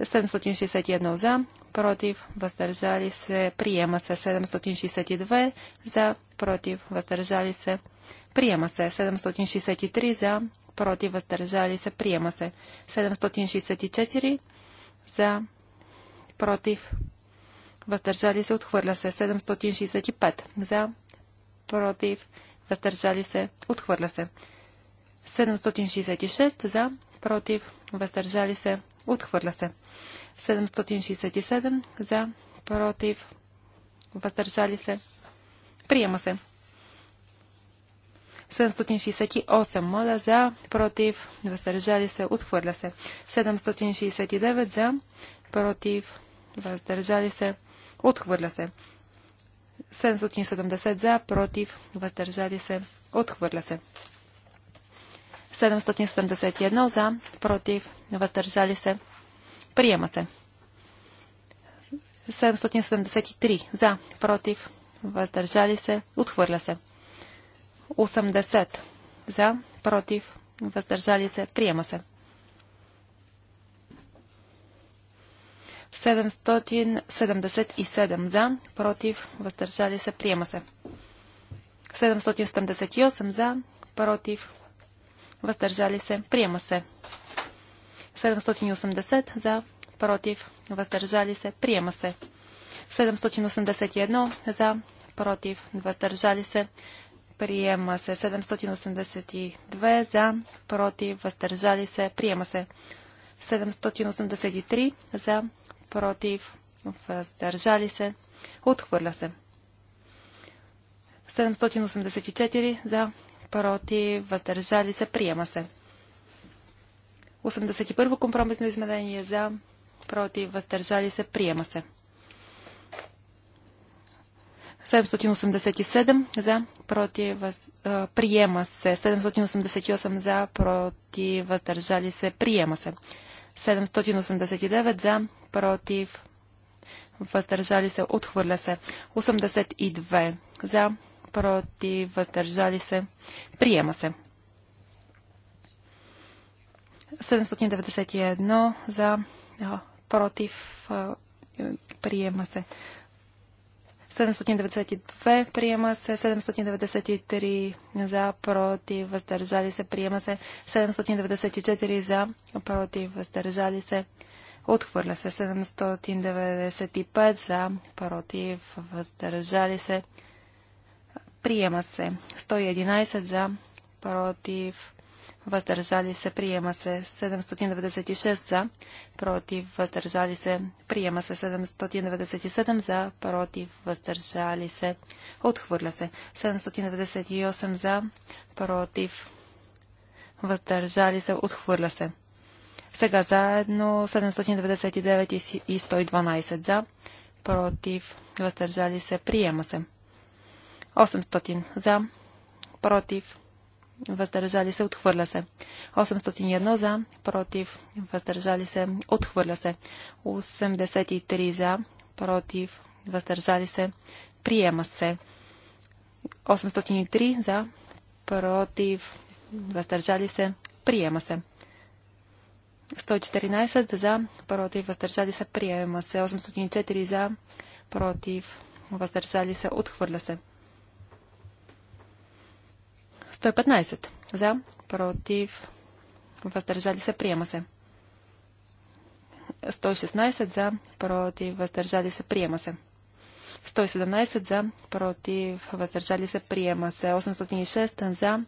761 за, против, въздържали се, приема се 762 за, против, въздържали се, приема се 763 за, против, въздържали се, приема се 764 за, против, въздържали се, отхвърля се 765 за, против, въздържали се, отхвърля се 766 за, против, въздържали се, Отхвърля се. 767 за, против, въздържали се. Приема се. 768 моля за, против, въздържали се, отхвърля се. 769 за, против, въздържали се, отхвърля се. 770 за, против, въздържали се, отхвърля се. 771 за, против, въздържали се, приема се. 773 за, против, въздържали се, отхвърля се. 80 за, против, въздържали се, приема се. 777 за, против, въздържали се, приема се. 778 за, против, въздържали се, приема се. 780 за, против, въздържали се, приема се. 781 за, против, въздържали се, приема се. 782 за, против, въздържали се, приема се. 783 за, против, въздържали се, отхвърля се. 784 за, против, въздържали се, приема се. 81 компромисно изменение за, против, въздържали се, приема се. 787 за, против, въз... приема се. 788 за, против, въздържали се, приема се. 789 за, против, въздържали се, отхвърля се. 82 за, против, въздържали се, приема се. 791 за, против, приема се. 792 приема се, 793 за, против, въздържали се, приема се, 794 за, против, въздържали се, отхвърля се, 795 за, против, въздържали се, Приема се. 111 за, против, въздържали се, приема се 796 за, против, въздържали се, приема се 797 за, против, въздържали се, отхвърля се 798 за, против, въздържали се, отхвърля се. Сега заедно 799 и 112 за, против, въздържали се, приема се. 800 за, против, въздържали се, отхвърля се. 801 за, против, въздържали се, отхвърля се. 83 за, против, въздържали се, приема се. 803 за, против, въздържали се, приема се. 114 за, против, въздържали се, приема се. 804 за, против, въздържали се, отхвърля се. 115. За, против, въздържали се, приема се. 116 за, против, въздържали се, приема се. 117 за, против, въздържали се, приема се. 806 за,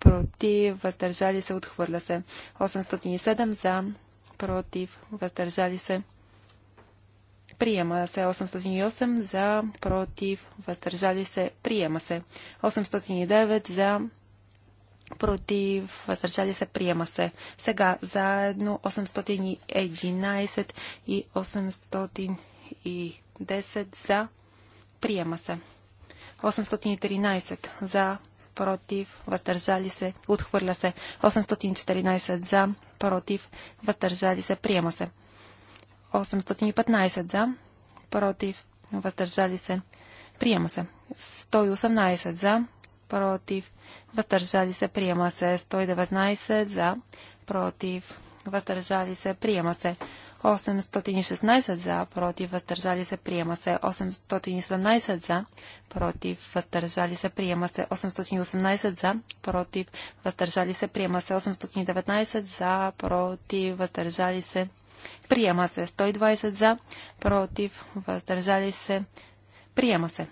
против, въздържали се, отхвърля се. 807 за, против, въздържали се, приема се. 808 за, против, въздържали се, приема се. 809 за, против, въздържали се, приема се. Сега, заедно 811 и 810 за, приема се. 813 за, против, въздържали се, отхвърля се. 814 за, против, въздържали се, приема се. 815 за, против, въздържали се, приема се. 118 за, против, въздържали се, приема се. 119 за, против, въздържали се, приема се. 816 за, против, въздържали се, приема се. 817 за, против, въздържали се, приема се. 818 за, против, въздържали се, приема се. 819 за, против, въздържали се, приема се. 120 за, против, въздържали се, приема се.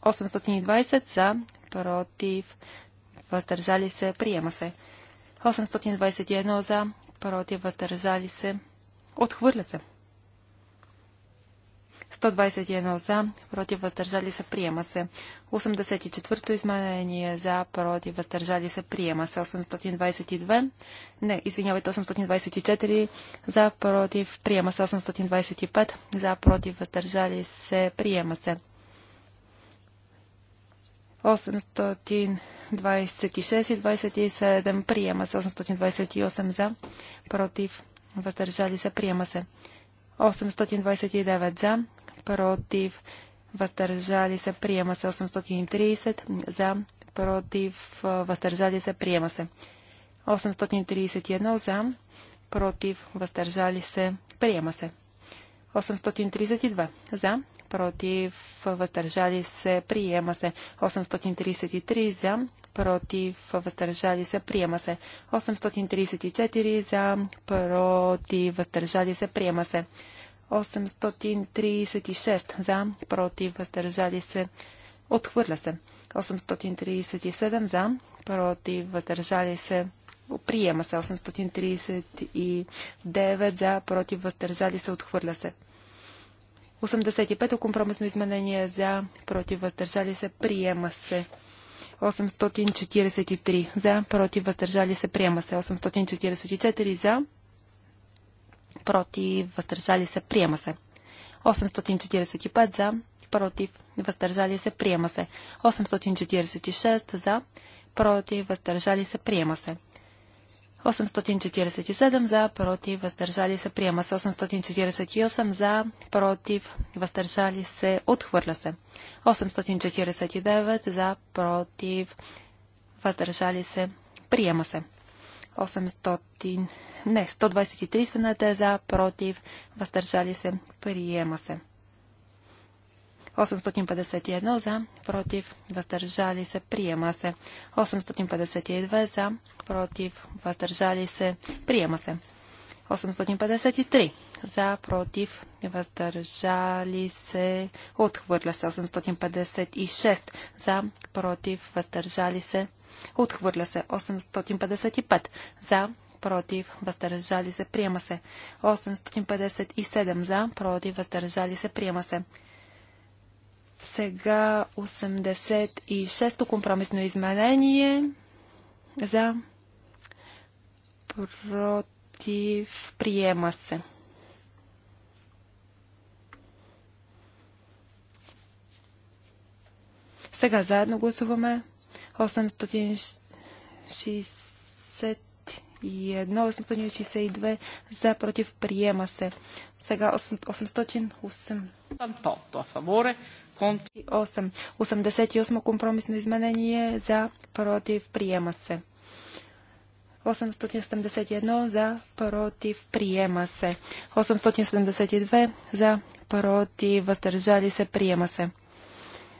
820 за, против, въздържали се, приема се. 821 за, против, въздържали се, отхвърля се. 121 за, против, въздържали се, приема се. 84-то изменение за, против, въздържали се, приема се. 822, не, извинявайте, 824 за, против, приема се. 825 за, против, въздържали се, приема се. 826 и Приема се 828 за. Против. Въздържали се. Приема се. 829 за. Против. Въздържали се. Приема се. 830 за. Против. Въздържали се. Приема се. 831 за. Против. Въздържали се. Приема се. 832 за, против, въздържали се, приема се. 833 за, против, въздържали се, приема се. 834 за, против, въздържали се, приема се. 836 за, против, въздържали се, отхвърля се. 837 за, против, въздържали се. Приема се 839 за, против, въздържали се, отхвърля се. 85-то компромисно изменение за, против, въздържали се, приема се. 843 за, против, въздържали се, приема се. 844 за, против, въздържали се, приема се. 845 за, против, въздържали се, приема се. 846 за, против, въздържали се, приема се. 847 за, против, въздържали се, приема се. 848 за, против, въздържали се, отхвърля се. 849 за, против, въздържали се, приема се. 800... Не, 123 свинете за, против, въздържали се, приема се. 851 за, против, въздържали се, приема се. 852 за, против, въздържали се, приема се. 853 за, против, въздържали се, отхвърля се. 856 за, против, въздържали се, отхвърля се. 855 за, против, въздържали се, приема се. 857 за, против, въздържали се, приема се. Сега 86-то компромисно изменение за против приема се. Сега заедно гласуваме 861, 862 за против приема се. Сега 808. 88 a favore, Конт 8. 88 компромисно изменение за против приема се. 871 за против приема се. 872 за против въздържали се приема се.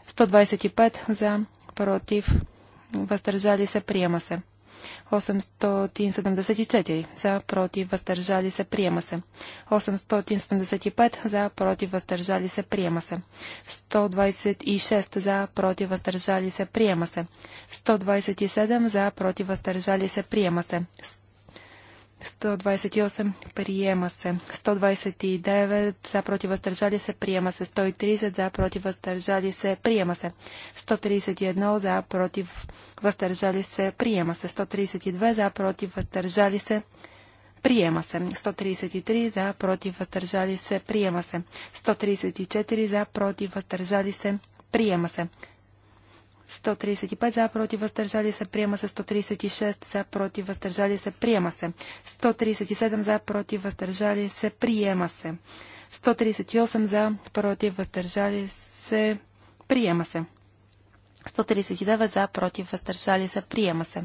125 за против въздържали се приема се. 874 за, против, въздържали се, приема се. 875 за, против, въздържали се, приема се. 126 за, против, въздържали се, приема се. 127 за, против, въздържали се, приема се. 128 приема се. 129 за против въздържали се приема се. 130 за против въздържали се приема се. 131 за против въздържали се приема се. 132 за против въздържали се приема се. 133 за против въздържали се приема се. 134 за против въздържали се приема се. 135 за, против, въздържали се, приема се. 136 за, против, въздържали се, приема се. 137 за, против, въздържали се, приема се. 138 за, против, въздържали се, приема се. 139 за, против, въздържали се, приема се.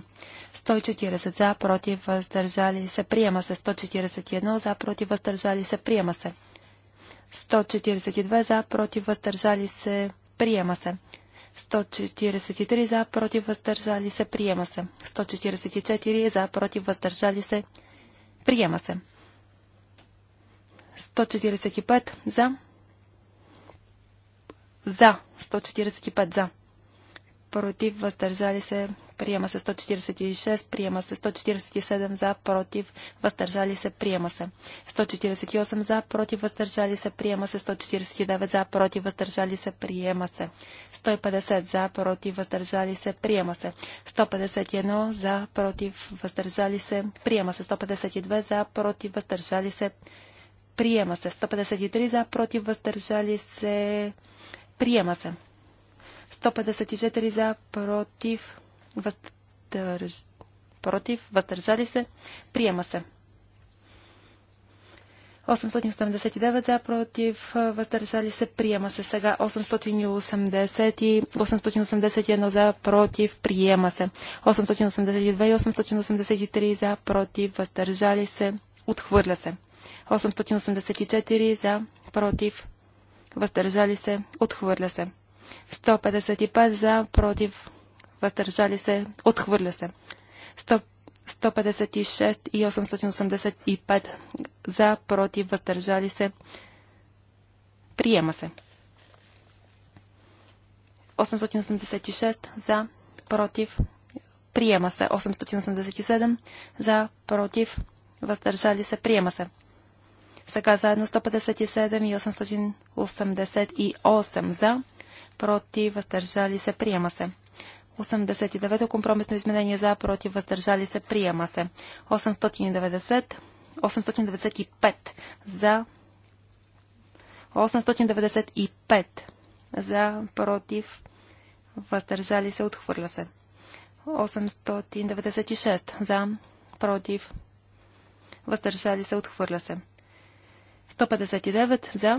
140 за, против, въздържали се, приема се. 141 за, против, въздържали се, приема се. 142 за, против, въздържали се, приема се. 143 за, против, въздържали се, приема се. 144 за, против, въздържали се, приема се. 145 за. За. 145 за против, въздържали се, приема се 146, приема се 147 за, против, въздържали се, приема се 148 за, против, въздържали се, приема се 149 за, против, въздържали се, приема се 150 за, против, въздържали се, приема се 151 за, против, въздържали се, приема се 152 за, против, въздържали се, приема се 153 за, против, въздържали се, приема се 154 за, против, въздърж... против, въздържали се, приема се. 879 за, против, въздържали се, приема се. Сега 880 и 881 за, против, приема се. 882 и 883 за, против, въздържали се, отхвърля се. 884 за, против, въздържали се, отхвърля се. 155 за, против, въздържали се, отхвърля се. 156 и 885 за, против, въздържали се, приема се. 886 за, против, приема се. 887 за, против, въздържали се, приема се. Сега заедно 157 и 888 за, против, въздържали се, приема се. 89-то компромисно изменение за, против, въздържали се, приема се. 890, 895 за, 895 за, против, въздържали се, отхвърля се. 896 за, против, въздържали се, отхвърля се. 159 за,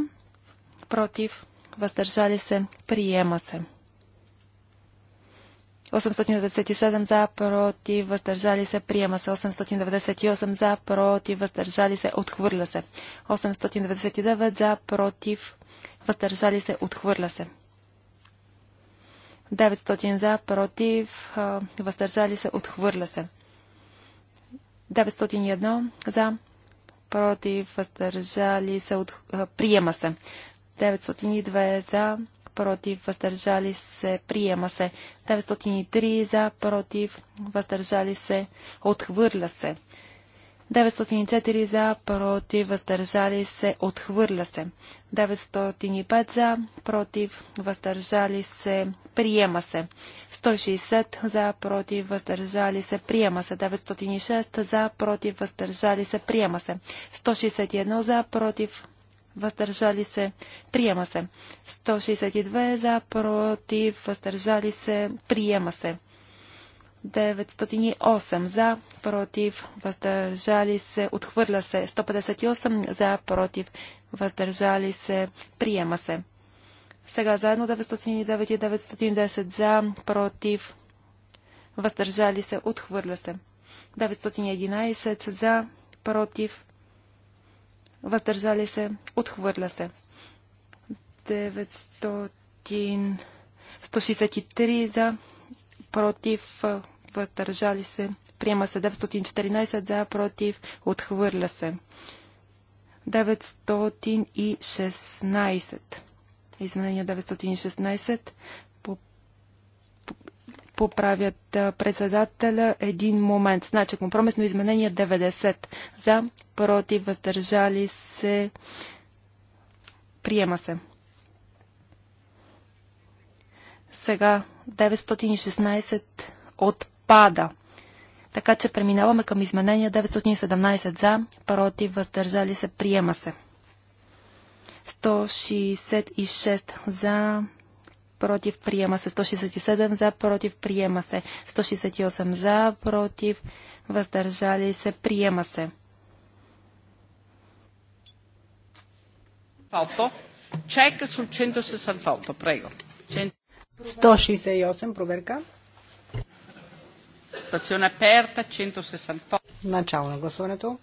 против, въздържали се, приема се. 897 за, против, въздържали се, приема се. 898 за, против, въздържали се, отхвърля се. 899 за, против, въздържали се, отхвърля се. 900 за, против, въздържали се, отхвърля се. 901 за, против, въздържали се, от... приема се. 902 за, против, въздържали се, приема се. 903 за, против, въздържали се, отхвърля се. 904 за, против, въздържали се, отхвърля се. 905 за, против, въздържали се, приема се. 160 за, против, въздържали се, приема се. 906 за, против, въздържали се, приема се. 161 за, против, въздържали се, приема се. 162 за, против, въздържали се, приема се. 908 за, против, въздържали се, отхвърля се. 158 за, против, въздържали се, приема се. Сега заедно 909 и 910 за, против, въздържали се, отхвърля се. 911 за, против, въздържали се, отхвърля се. 900... 163 за, против, въздържали се, приема се 914 за, против, отхвърля се. 916. Извинение 916 поправят председателя един момент. Значи компромисно изменение 90 за, против, въздържали се, приема се. Сега 916 отпада. Така че преминаваме към изменение 917 за, против, въздържали се, приема се. 166 за, против, приема се. 167 за, против, приема се. 168 за, против, въздържали се, приема се. Чек сул 168, прего. 168, проверка. Стационна перта, 168. Начало на гласуването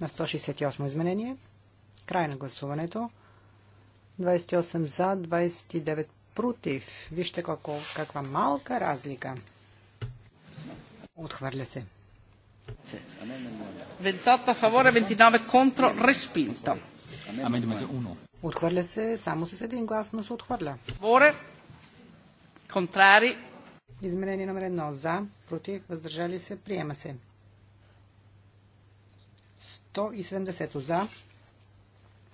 на 168 изменение. Край на гласуването. 28 за, 29 против. Вижте колко, каква малка разлика. Отхвърля се. Вентата фавора, 29 контро, респинто. Отхвърля се само с един глас, но се отхвърля. Воре, контрари. Изменение номер едно. За, против, въздържали се, приема се. 170 за,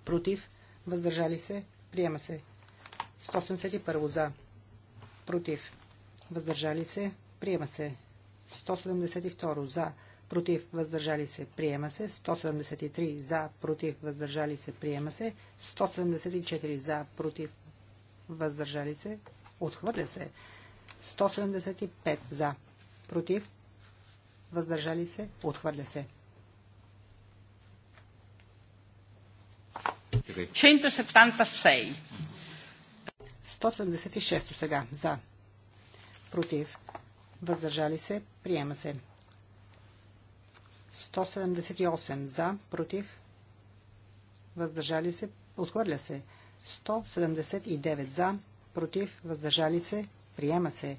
против, въздържали се, приема се. 171 за. Против. Въздържали се. Приема се. 172 за. Против. Въздържали се. Приема се. 173 за. Против. Въздържали се. Приема се. 174 за. Против. Въздържали се. Отхвърля се. 175 за. Против. Въздържали се. Отхвърля се. 176. 176 сега. За. Против. Въздържали се. Приема се. 178 за. Против. Въздържали се. Отхвърля се. 179 за. Против. Въздържали се. Приема се.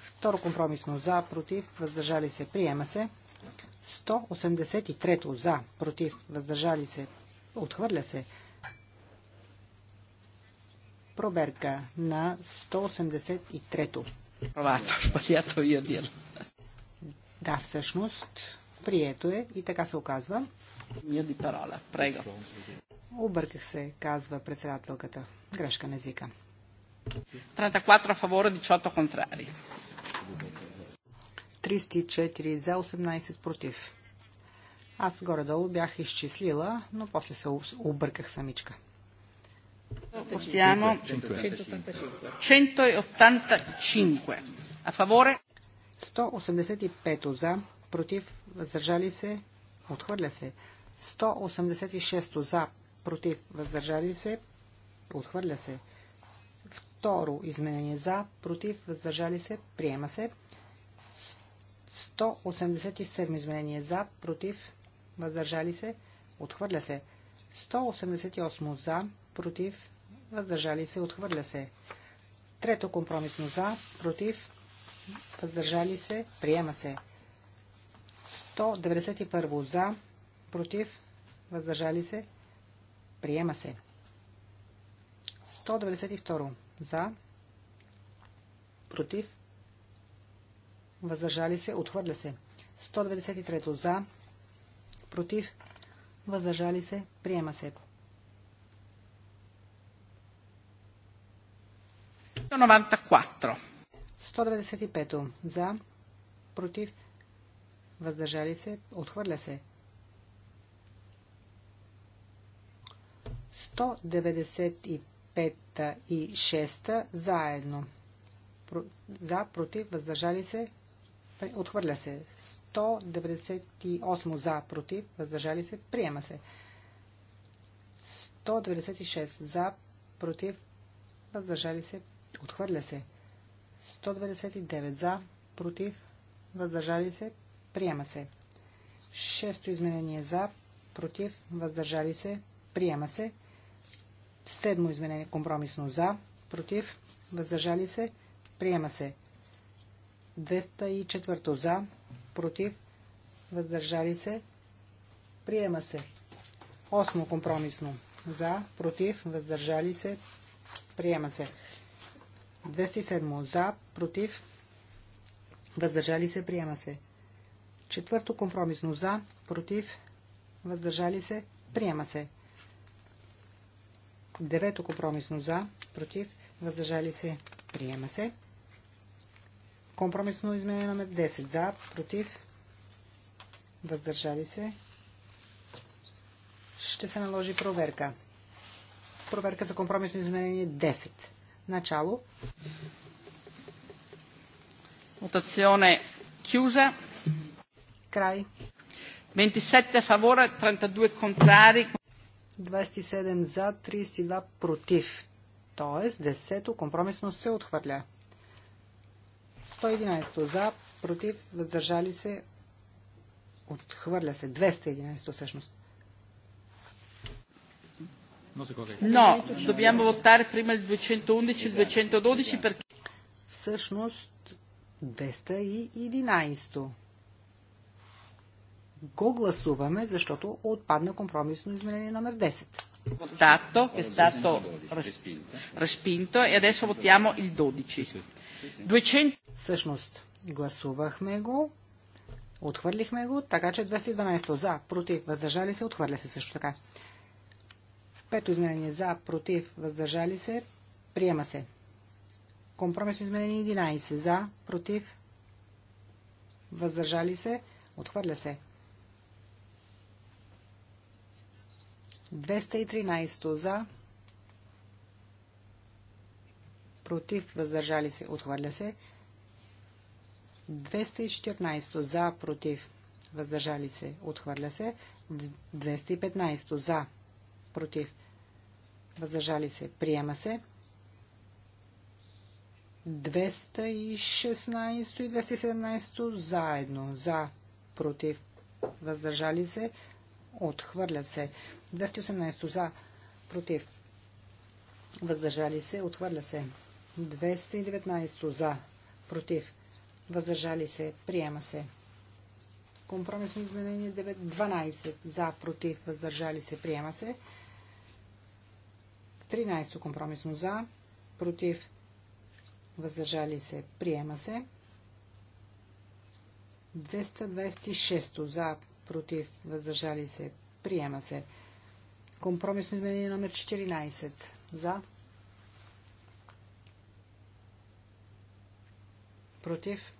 Второ компромисно за. Против. Въздържали се. Приема се. 183 за. Против. Въздържали се. Отхвърля се. Проверка на 183-то. Е да, всъщност, прието е и така се оказва. ди Обърках се, казва председателката. Грешка на езика. 34 фавора, 18 контрари. 34 за, 18 против. Аз горе-долу бях изчислила, но после се обърках самичка. Votiamo 185. A favore? 185 за, против, въздържали се, отхвърля се. 186 за, против, въздържали се, отхвърля се. Второ изменение за, против, въздържали се, приема се. 187 изменение за, против, въздържали се, отхвърля се. 188 за, против, въздържали се, отхвърля се. Трето компромисно за, против, въздържали се, приема се. 191 за, против, въздържали се, приема се. 192 за, против, въздържали се, отхвърля се. 193 за, против, въздържали се, приема се. 194. 195 за, против, въздържали се, отхвърля се. 195 и 6 заедно. за, против, въздържали се, отхвърля се. 198 за, против, въздържали се, приема се. 196 за, против, въздържали се, Отхвърля се. 129 за, против, въздържали се, приема се. Шесто изменение за, против, въздържали се, приема се. Седмо изменение компромисно за, против, въздържали се, приема се. 204 за, против, въздържали се, приема се. Осмо компромисно за, против, въздържали се, приема се. 207 за, против, въздържали се, приема се. Четвърто компромисно за, против, въздържали се, приема се. Девето компромисно за, против, въздържали се, приема се. Компромисно изменяваме 10 за, против, въздържали се. Ще се наложи проверка. Проверка за компромисно изменение 10. Начало. Votazione chiusa. Край. 27 favore, 32 contrari. 27 за, 32 против. Тоест, десето компромисно се отхвърля. 111 за, против, въздържали се, отхвърля се. 211 всъщност. No, dobbiamo votare prima il 211 e il 212 perché... Всъщност 211 го гласуваме, защото отпадна компромисно изменение номер 10. Votato, che è stato respinto e adesso votiamo il 12. 200... Всъщност, гласувахме го, отхвърлихме го, така че 212 за, против, въздържали се, отхвърля се също така. Пето изменение за, против, въздържали се, приема се. Компромисно изменение 11 за, против, въздържали се, отхвърля се. 213 за, против, въздържали се, отхвърля се. 214 за, против, въздържали се, отхвърля се. 215 за, против, въздържали се, приема се. 216 и 217 заедно, за, против, въздържали се, отхвърлят се. 218 за, против, въздържали се, отхвърля се. 219 за, против, въздържали се, приема се. Компромисно изменение 9, 12 за, против, въздържали се, приема се. 13 компромисно за, против, въздържали се, приема се. 226 за, против, въздържали се, приема се. Компромисно изменение номер 14 за, против,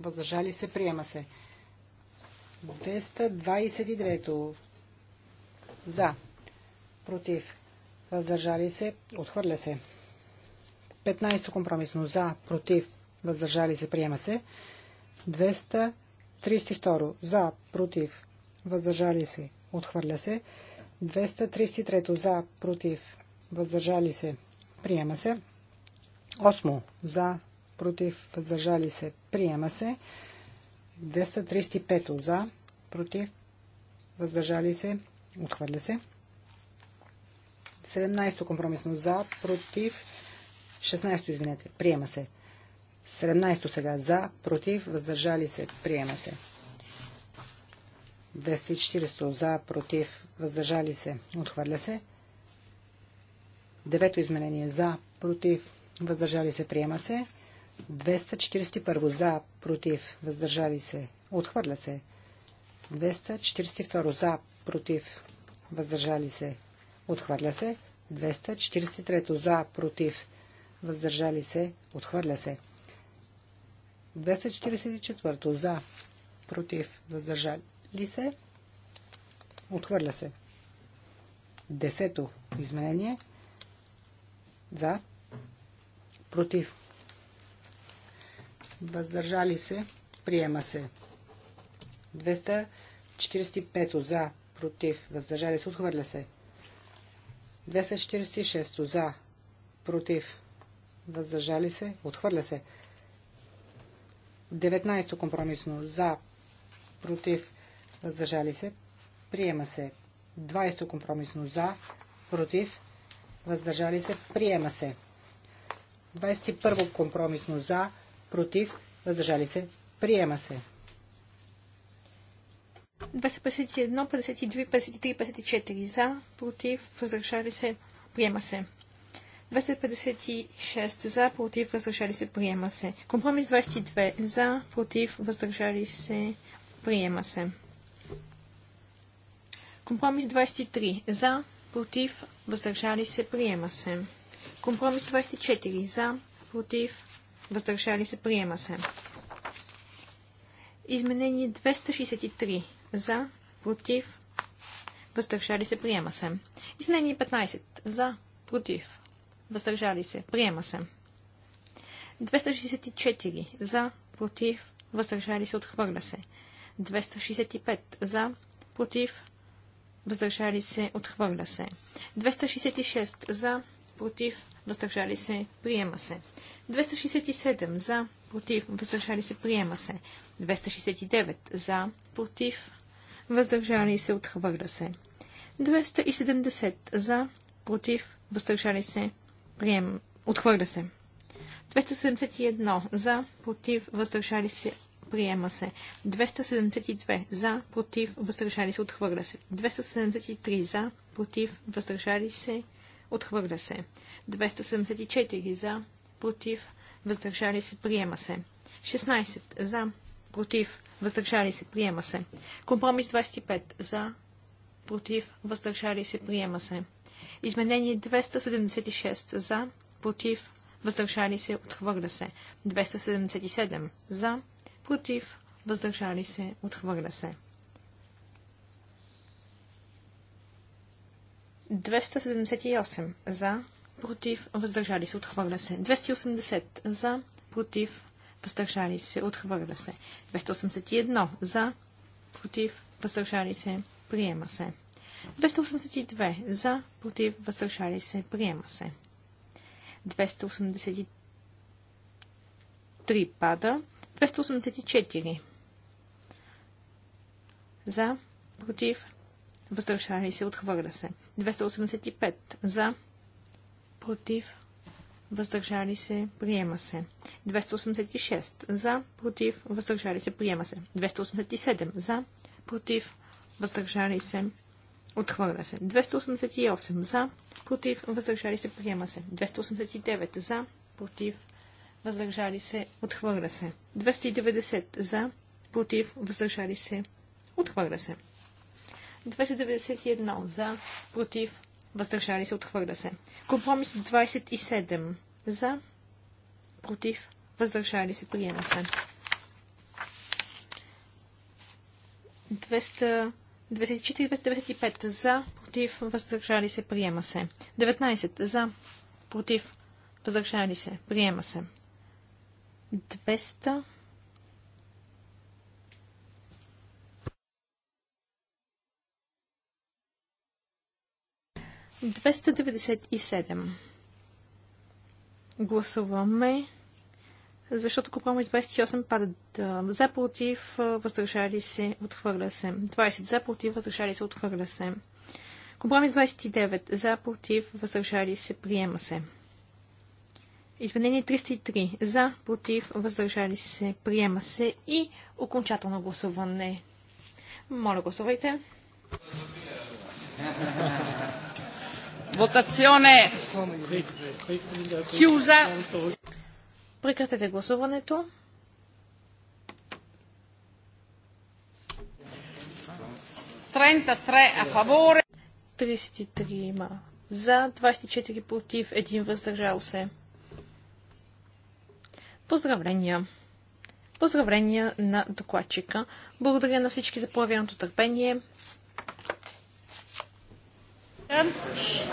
въздържали се, приема се. 229 за, против, въздържали се, отхвърля се. 15 компромисно за, против, въздържали се, приема се. 232 за, против, въздържали се, отхвърля се. 233 за, против, въздържали се, приема се. 8 за, против, въздържали се, приема се. 235 за, против, въздържали се, отхвърля се. 17 компромисно за, против, 16 извинете, приема се. 17 сега за, против, въздържали се, приема се. 240 за, против, въздържали се, отхвърля се. 9-то изменение за, против, въздържали се, приема се. 241 за, против, въздържали се, отхвърля се. 242 за, против, въздържали се, отхвърля се. 243 за, против, въздържали се, отхвърля се. 244 за, против, въздържали се, отхвърля се. Десето изменение за, против, въздържали се, приема се. 245 за, против, въздържали се, отхвърля се. 246 246 за, против, въздържали се, отхвърля се. 19 компромисно за, против, въздържали се, приема се. 20 компромисно за, против, въздържали се, приема се. 21 компромисно за, против, въздържали се, приема се. 251, 52, 53, 54 за, против, въздържали се, приема се. 256 за, против, въздържали се, приема се. Компромис 22 за, против, въздържали се, приема се. Компромис 23 за, против, въздържали се, приема се. Компромис 24 за, против, въздържали се, приема се. Изменение 263 за. Против. Въздържали се. Приема се. Изменение 15. За. Против. Въздържали се. Приема се. 264. За. Против. Въздържали се. Отхвърля се. 265. За. Против. Въздържали се. Отхвърля се. 266. За. Против. Въздържали се. Приема се. 267. За. Против. Въздържали се. Приема се. 269. За. Против въздържали се, отхвърля се. 270 за, против, въздържали се, прием, отхвърля се. 271 за, против, въздържали се, приема се. 272 за, против, въздържали се, отхвърля се. 273 за, против, въздържали се, отхвърля се. 274 за, против, въздържали се, приема се. 16 за, против, въздържали се, приема се. Компромис 25 за, против, въздържали се, приема се. Изменение 276 за, против, въздържали се, отхвърля се. 277 за, против, въздържали се, отхвърля се. 278 за, против, въздържали се, отхвърля се. 280 за, против, въздържали се, отхвърля се. 281 за, против, въздържали се, приема се. 282 за, против, въздържали се, приема се. 283 пада. 284 за, против, въздържали се, отхвърля се. 285 за, против, въздържали се, приема се. 286 за, против, въздържали се, приема се. 287 за, против, въздържали се, отхвърля се. 288 за, против, въздържали се, приема се. 289 за, против, въздържали се, отхвърля се. 290 за, против, въздържали се, отхвърля се. 291 за, против, въздържали се, отхвърля се. Компромис 27 за, против, въздържали се, приема се. 294-295 за, против, въздържали се, приема се. 19 за, против, въздържали се, приема се. 200 297. Гласуваме, защото компромис 28 падат за против, въздържали се, отхвърля се. 20 за против, въздържали се, отхвърля се. Компромис 29 за против, въздържали се, приема се. Изменение 303 за против, въздържали се, приема се и окончателно гласуване. Моля, гласувайте. Votazione chiusa. Прекратете гласуването. а фаворе. 33 има за, 24 против, 1 въздържал се. Поздравления! Поздравления на докладчика. Благодаря на всички за проявеното търпение.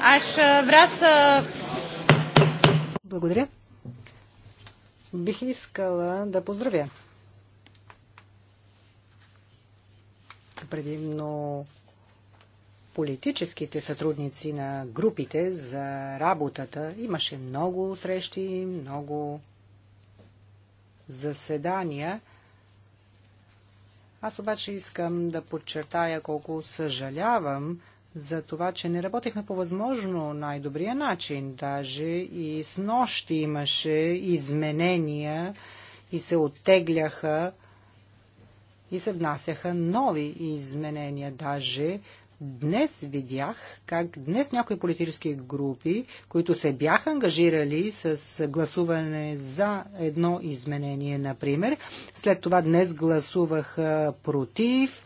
Аз вря Благодаря. Бих искала да поздравя предимно политическите сътрудници на групите за работата. Имаше много срещи, много заседания. Аз обаче искам да подчертая колко съжалявам, за това, че не работехме по възможно най-добрия начин. Даже и с нощи имаше изменения и се оттегляха и се внасяха нови изменения. Даже днес видях как днес някои политически групи, които се бяха ангажирали с гласуване за едно изменение, например, след това днес гласуваха против,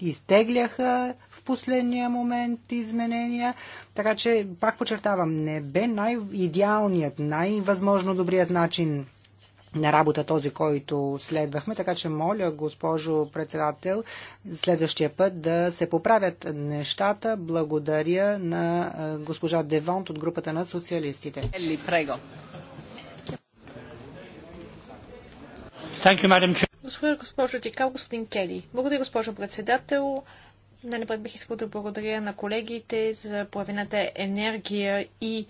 изтегляха в последния момент изменения. Така че, пак подчертавам, не бе най-идеалният, най-възможно добрият начин на работа този, който следвахме. Така че моля, госпожо председател, следващия път да се поправят нещата. Благодаря на госпожа Девонт от групата на социалистите. Thank you, Madam Господин госпожо Дикал, господин Кели. Благодаря, госпожо председател. Най-напред бих искал да благодаря на колегите за половината енергия и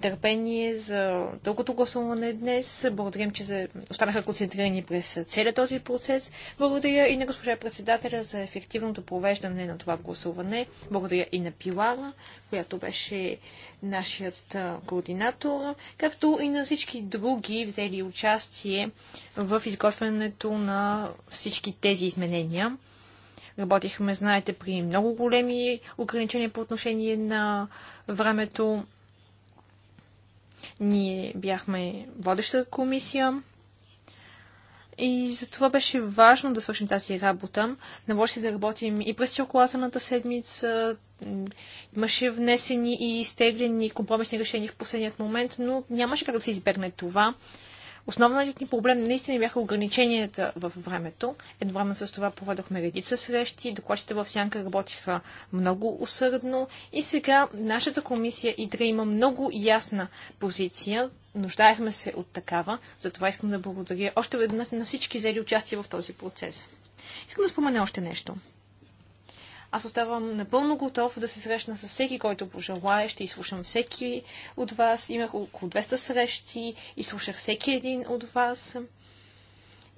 търпение за дългото гласуване днес. Благодарим, че останаха концентрирани през целият този процес. Благодаря и на госпожа председателя за ефективното провеждане на това гласуване. Благодаря и на Пилара, която беше нашият координатор, както и на всички други взели участие в изготвянето на всички тези изменения. Работихме, знаете, при много големи ограничения по отношение на времето. Ние бяхме водеща комисия. И за това беше важно да свършим тази работа. Наложи се да работим и през циркулаторната седмица. Имаше внесени и изтеглени компромисни решения в последният момент, но нямаше как да се избегне това. Основният ни проблем наистина бяха ограниченията в времето. Едновременно с това проведохме редица срещи, докладчите в Сянка работиха много усърдно и сега нашата комисия ИДРА има много ясна позиция, нуждаехме се от такава, затова искам да благодаря още веднъж на всички взели участие в този процес. Искам да спомена още нещо. Аз оставам напълно готов да се срещна с всеки, който пожелая. Ще изслушам всеки от вас. Имах около 200 срещи. Изслушах всеки един от вас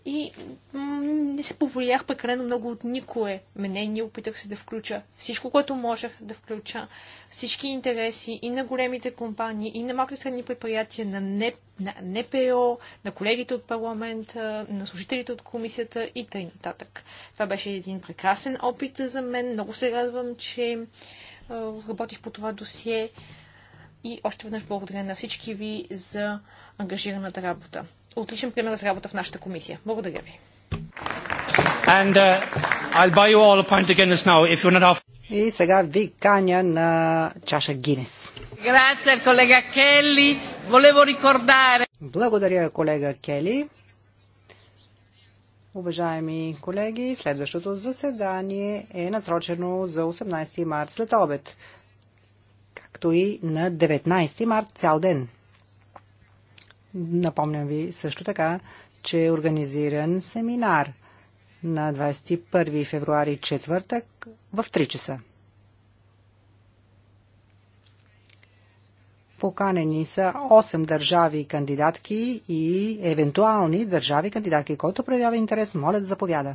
и не се повлиях прекалено много от никое мнение. Опитах се да включа всичко, което можех да включа. Всички интереси и на големите компании, и на малките средни предприятия, на, не, на НПО, на колегите от парламента, на служителите от комисията и т.н. Това беше един прекрасен опит за мен. Много се радвам, че работих по това досие. И още веднъж благодаря на всички ви за ангажираната работа. Отличен пример за работа в нашата комисия. Благодаря ви. And, uh, now, И сега ви каня на чаша Гинес. Grazie, Благодаря, колега Кели. Уважаеми колеги, следващото заседание е насрочено за 18 март след обед, както и на 19 март цял ден. Напомням ви също така, че е организиран семинар на 21 февруари четвъртък в 3 часа. Поканени са 8 държави кандидатки и евентуални държави кандидатки. Който проявява интерес, моля да заповяда.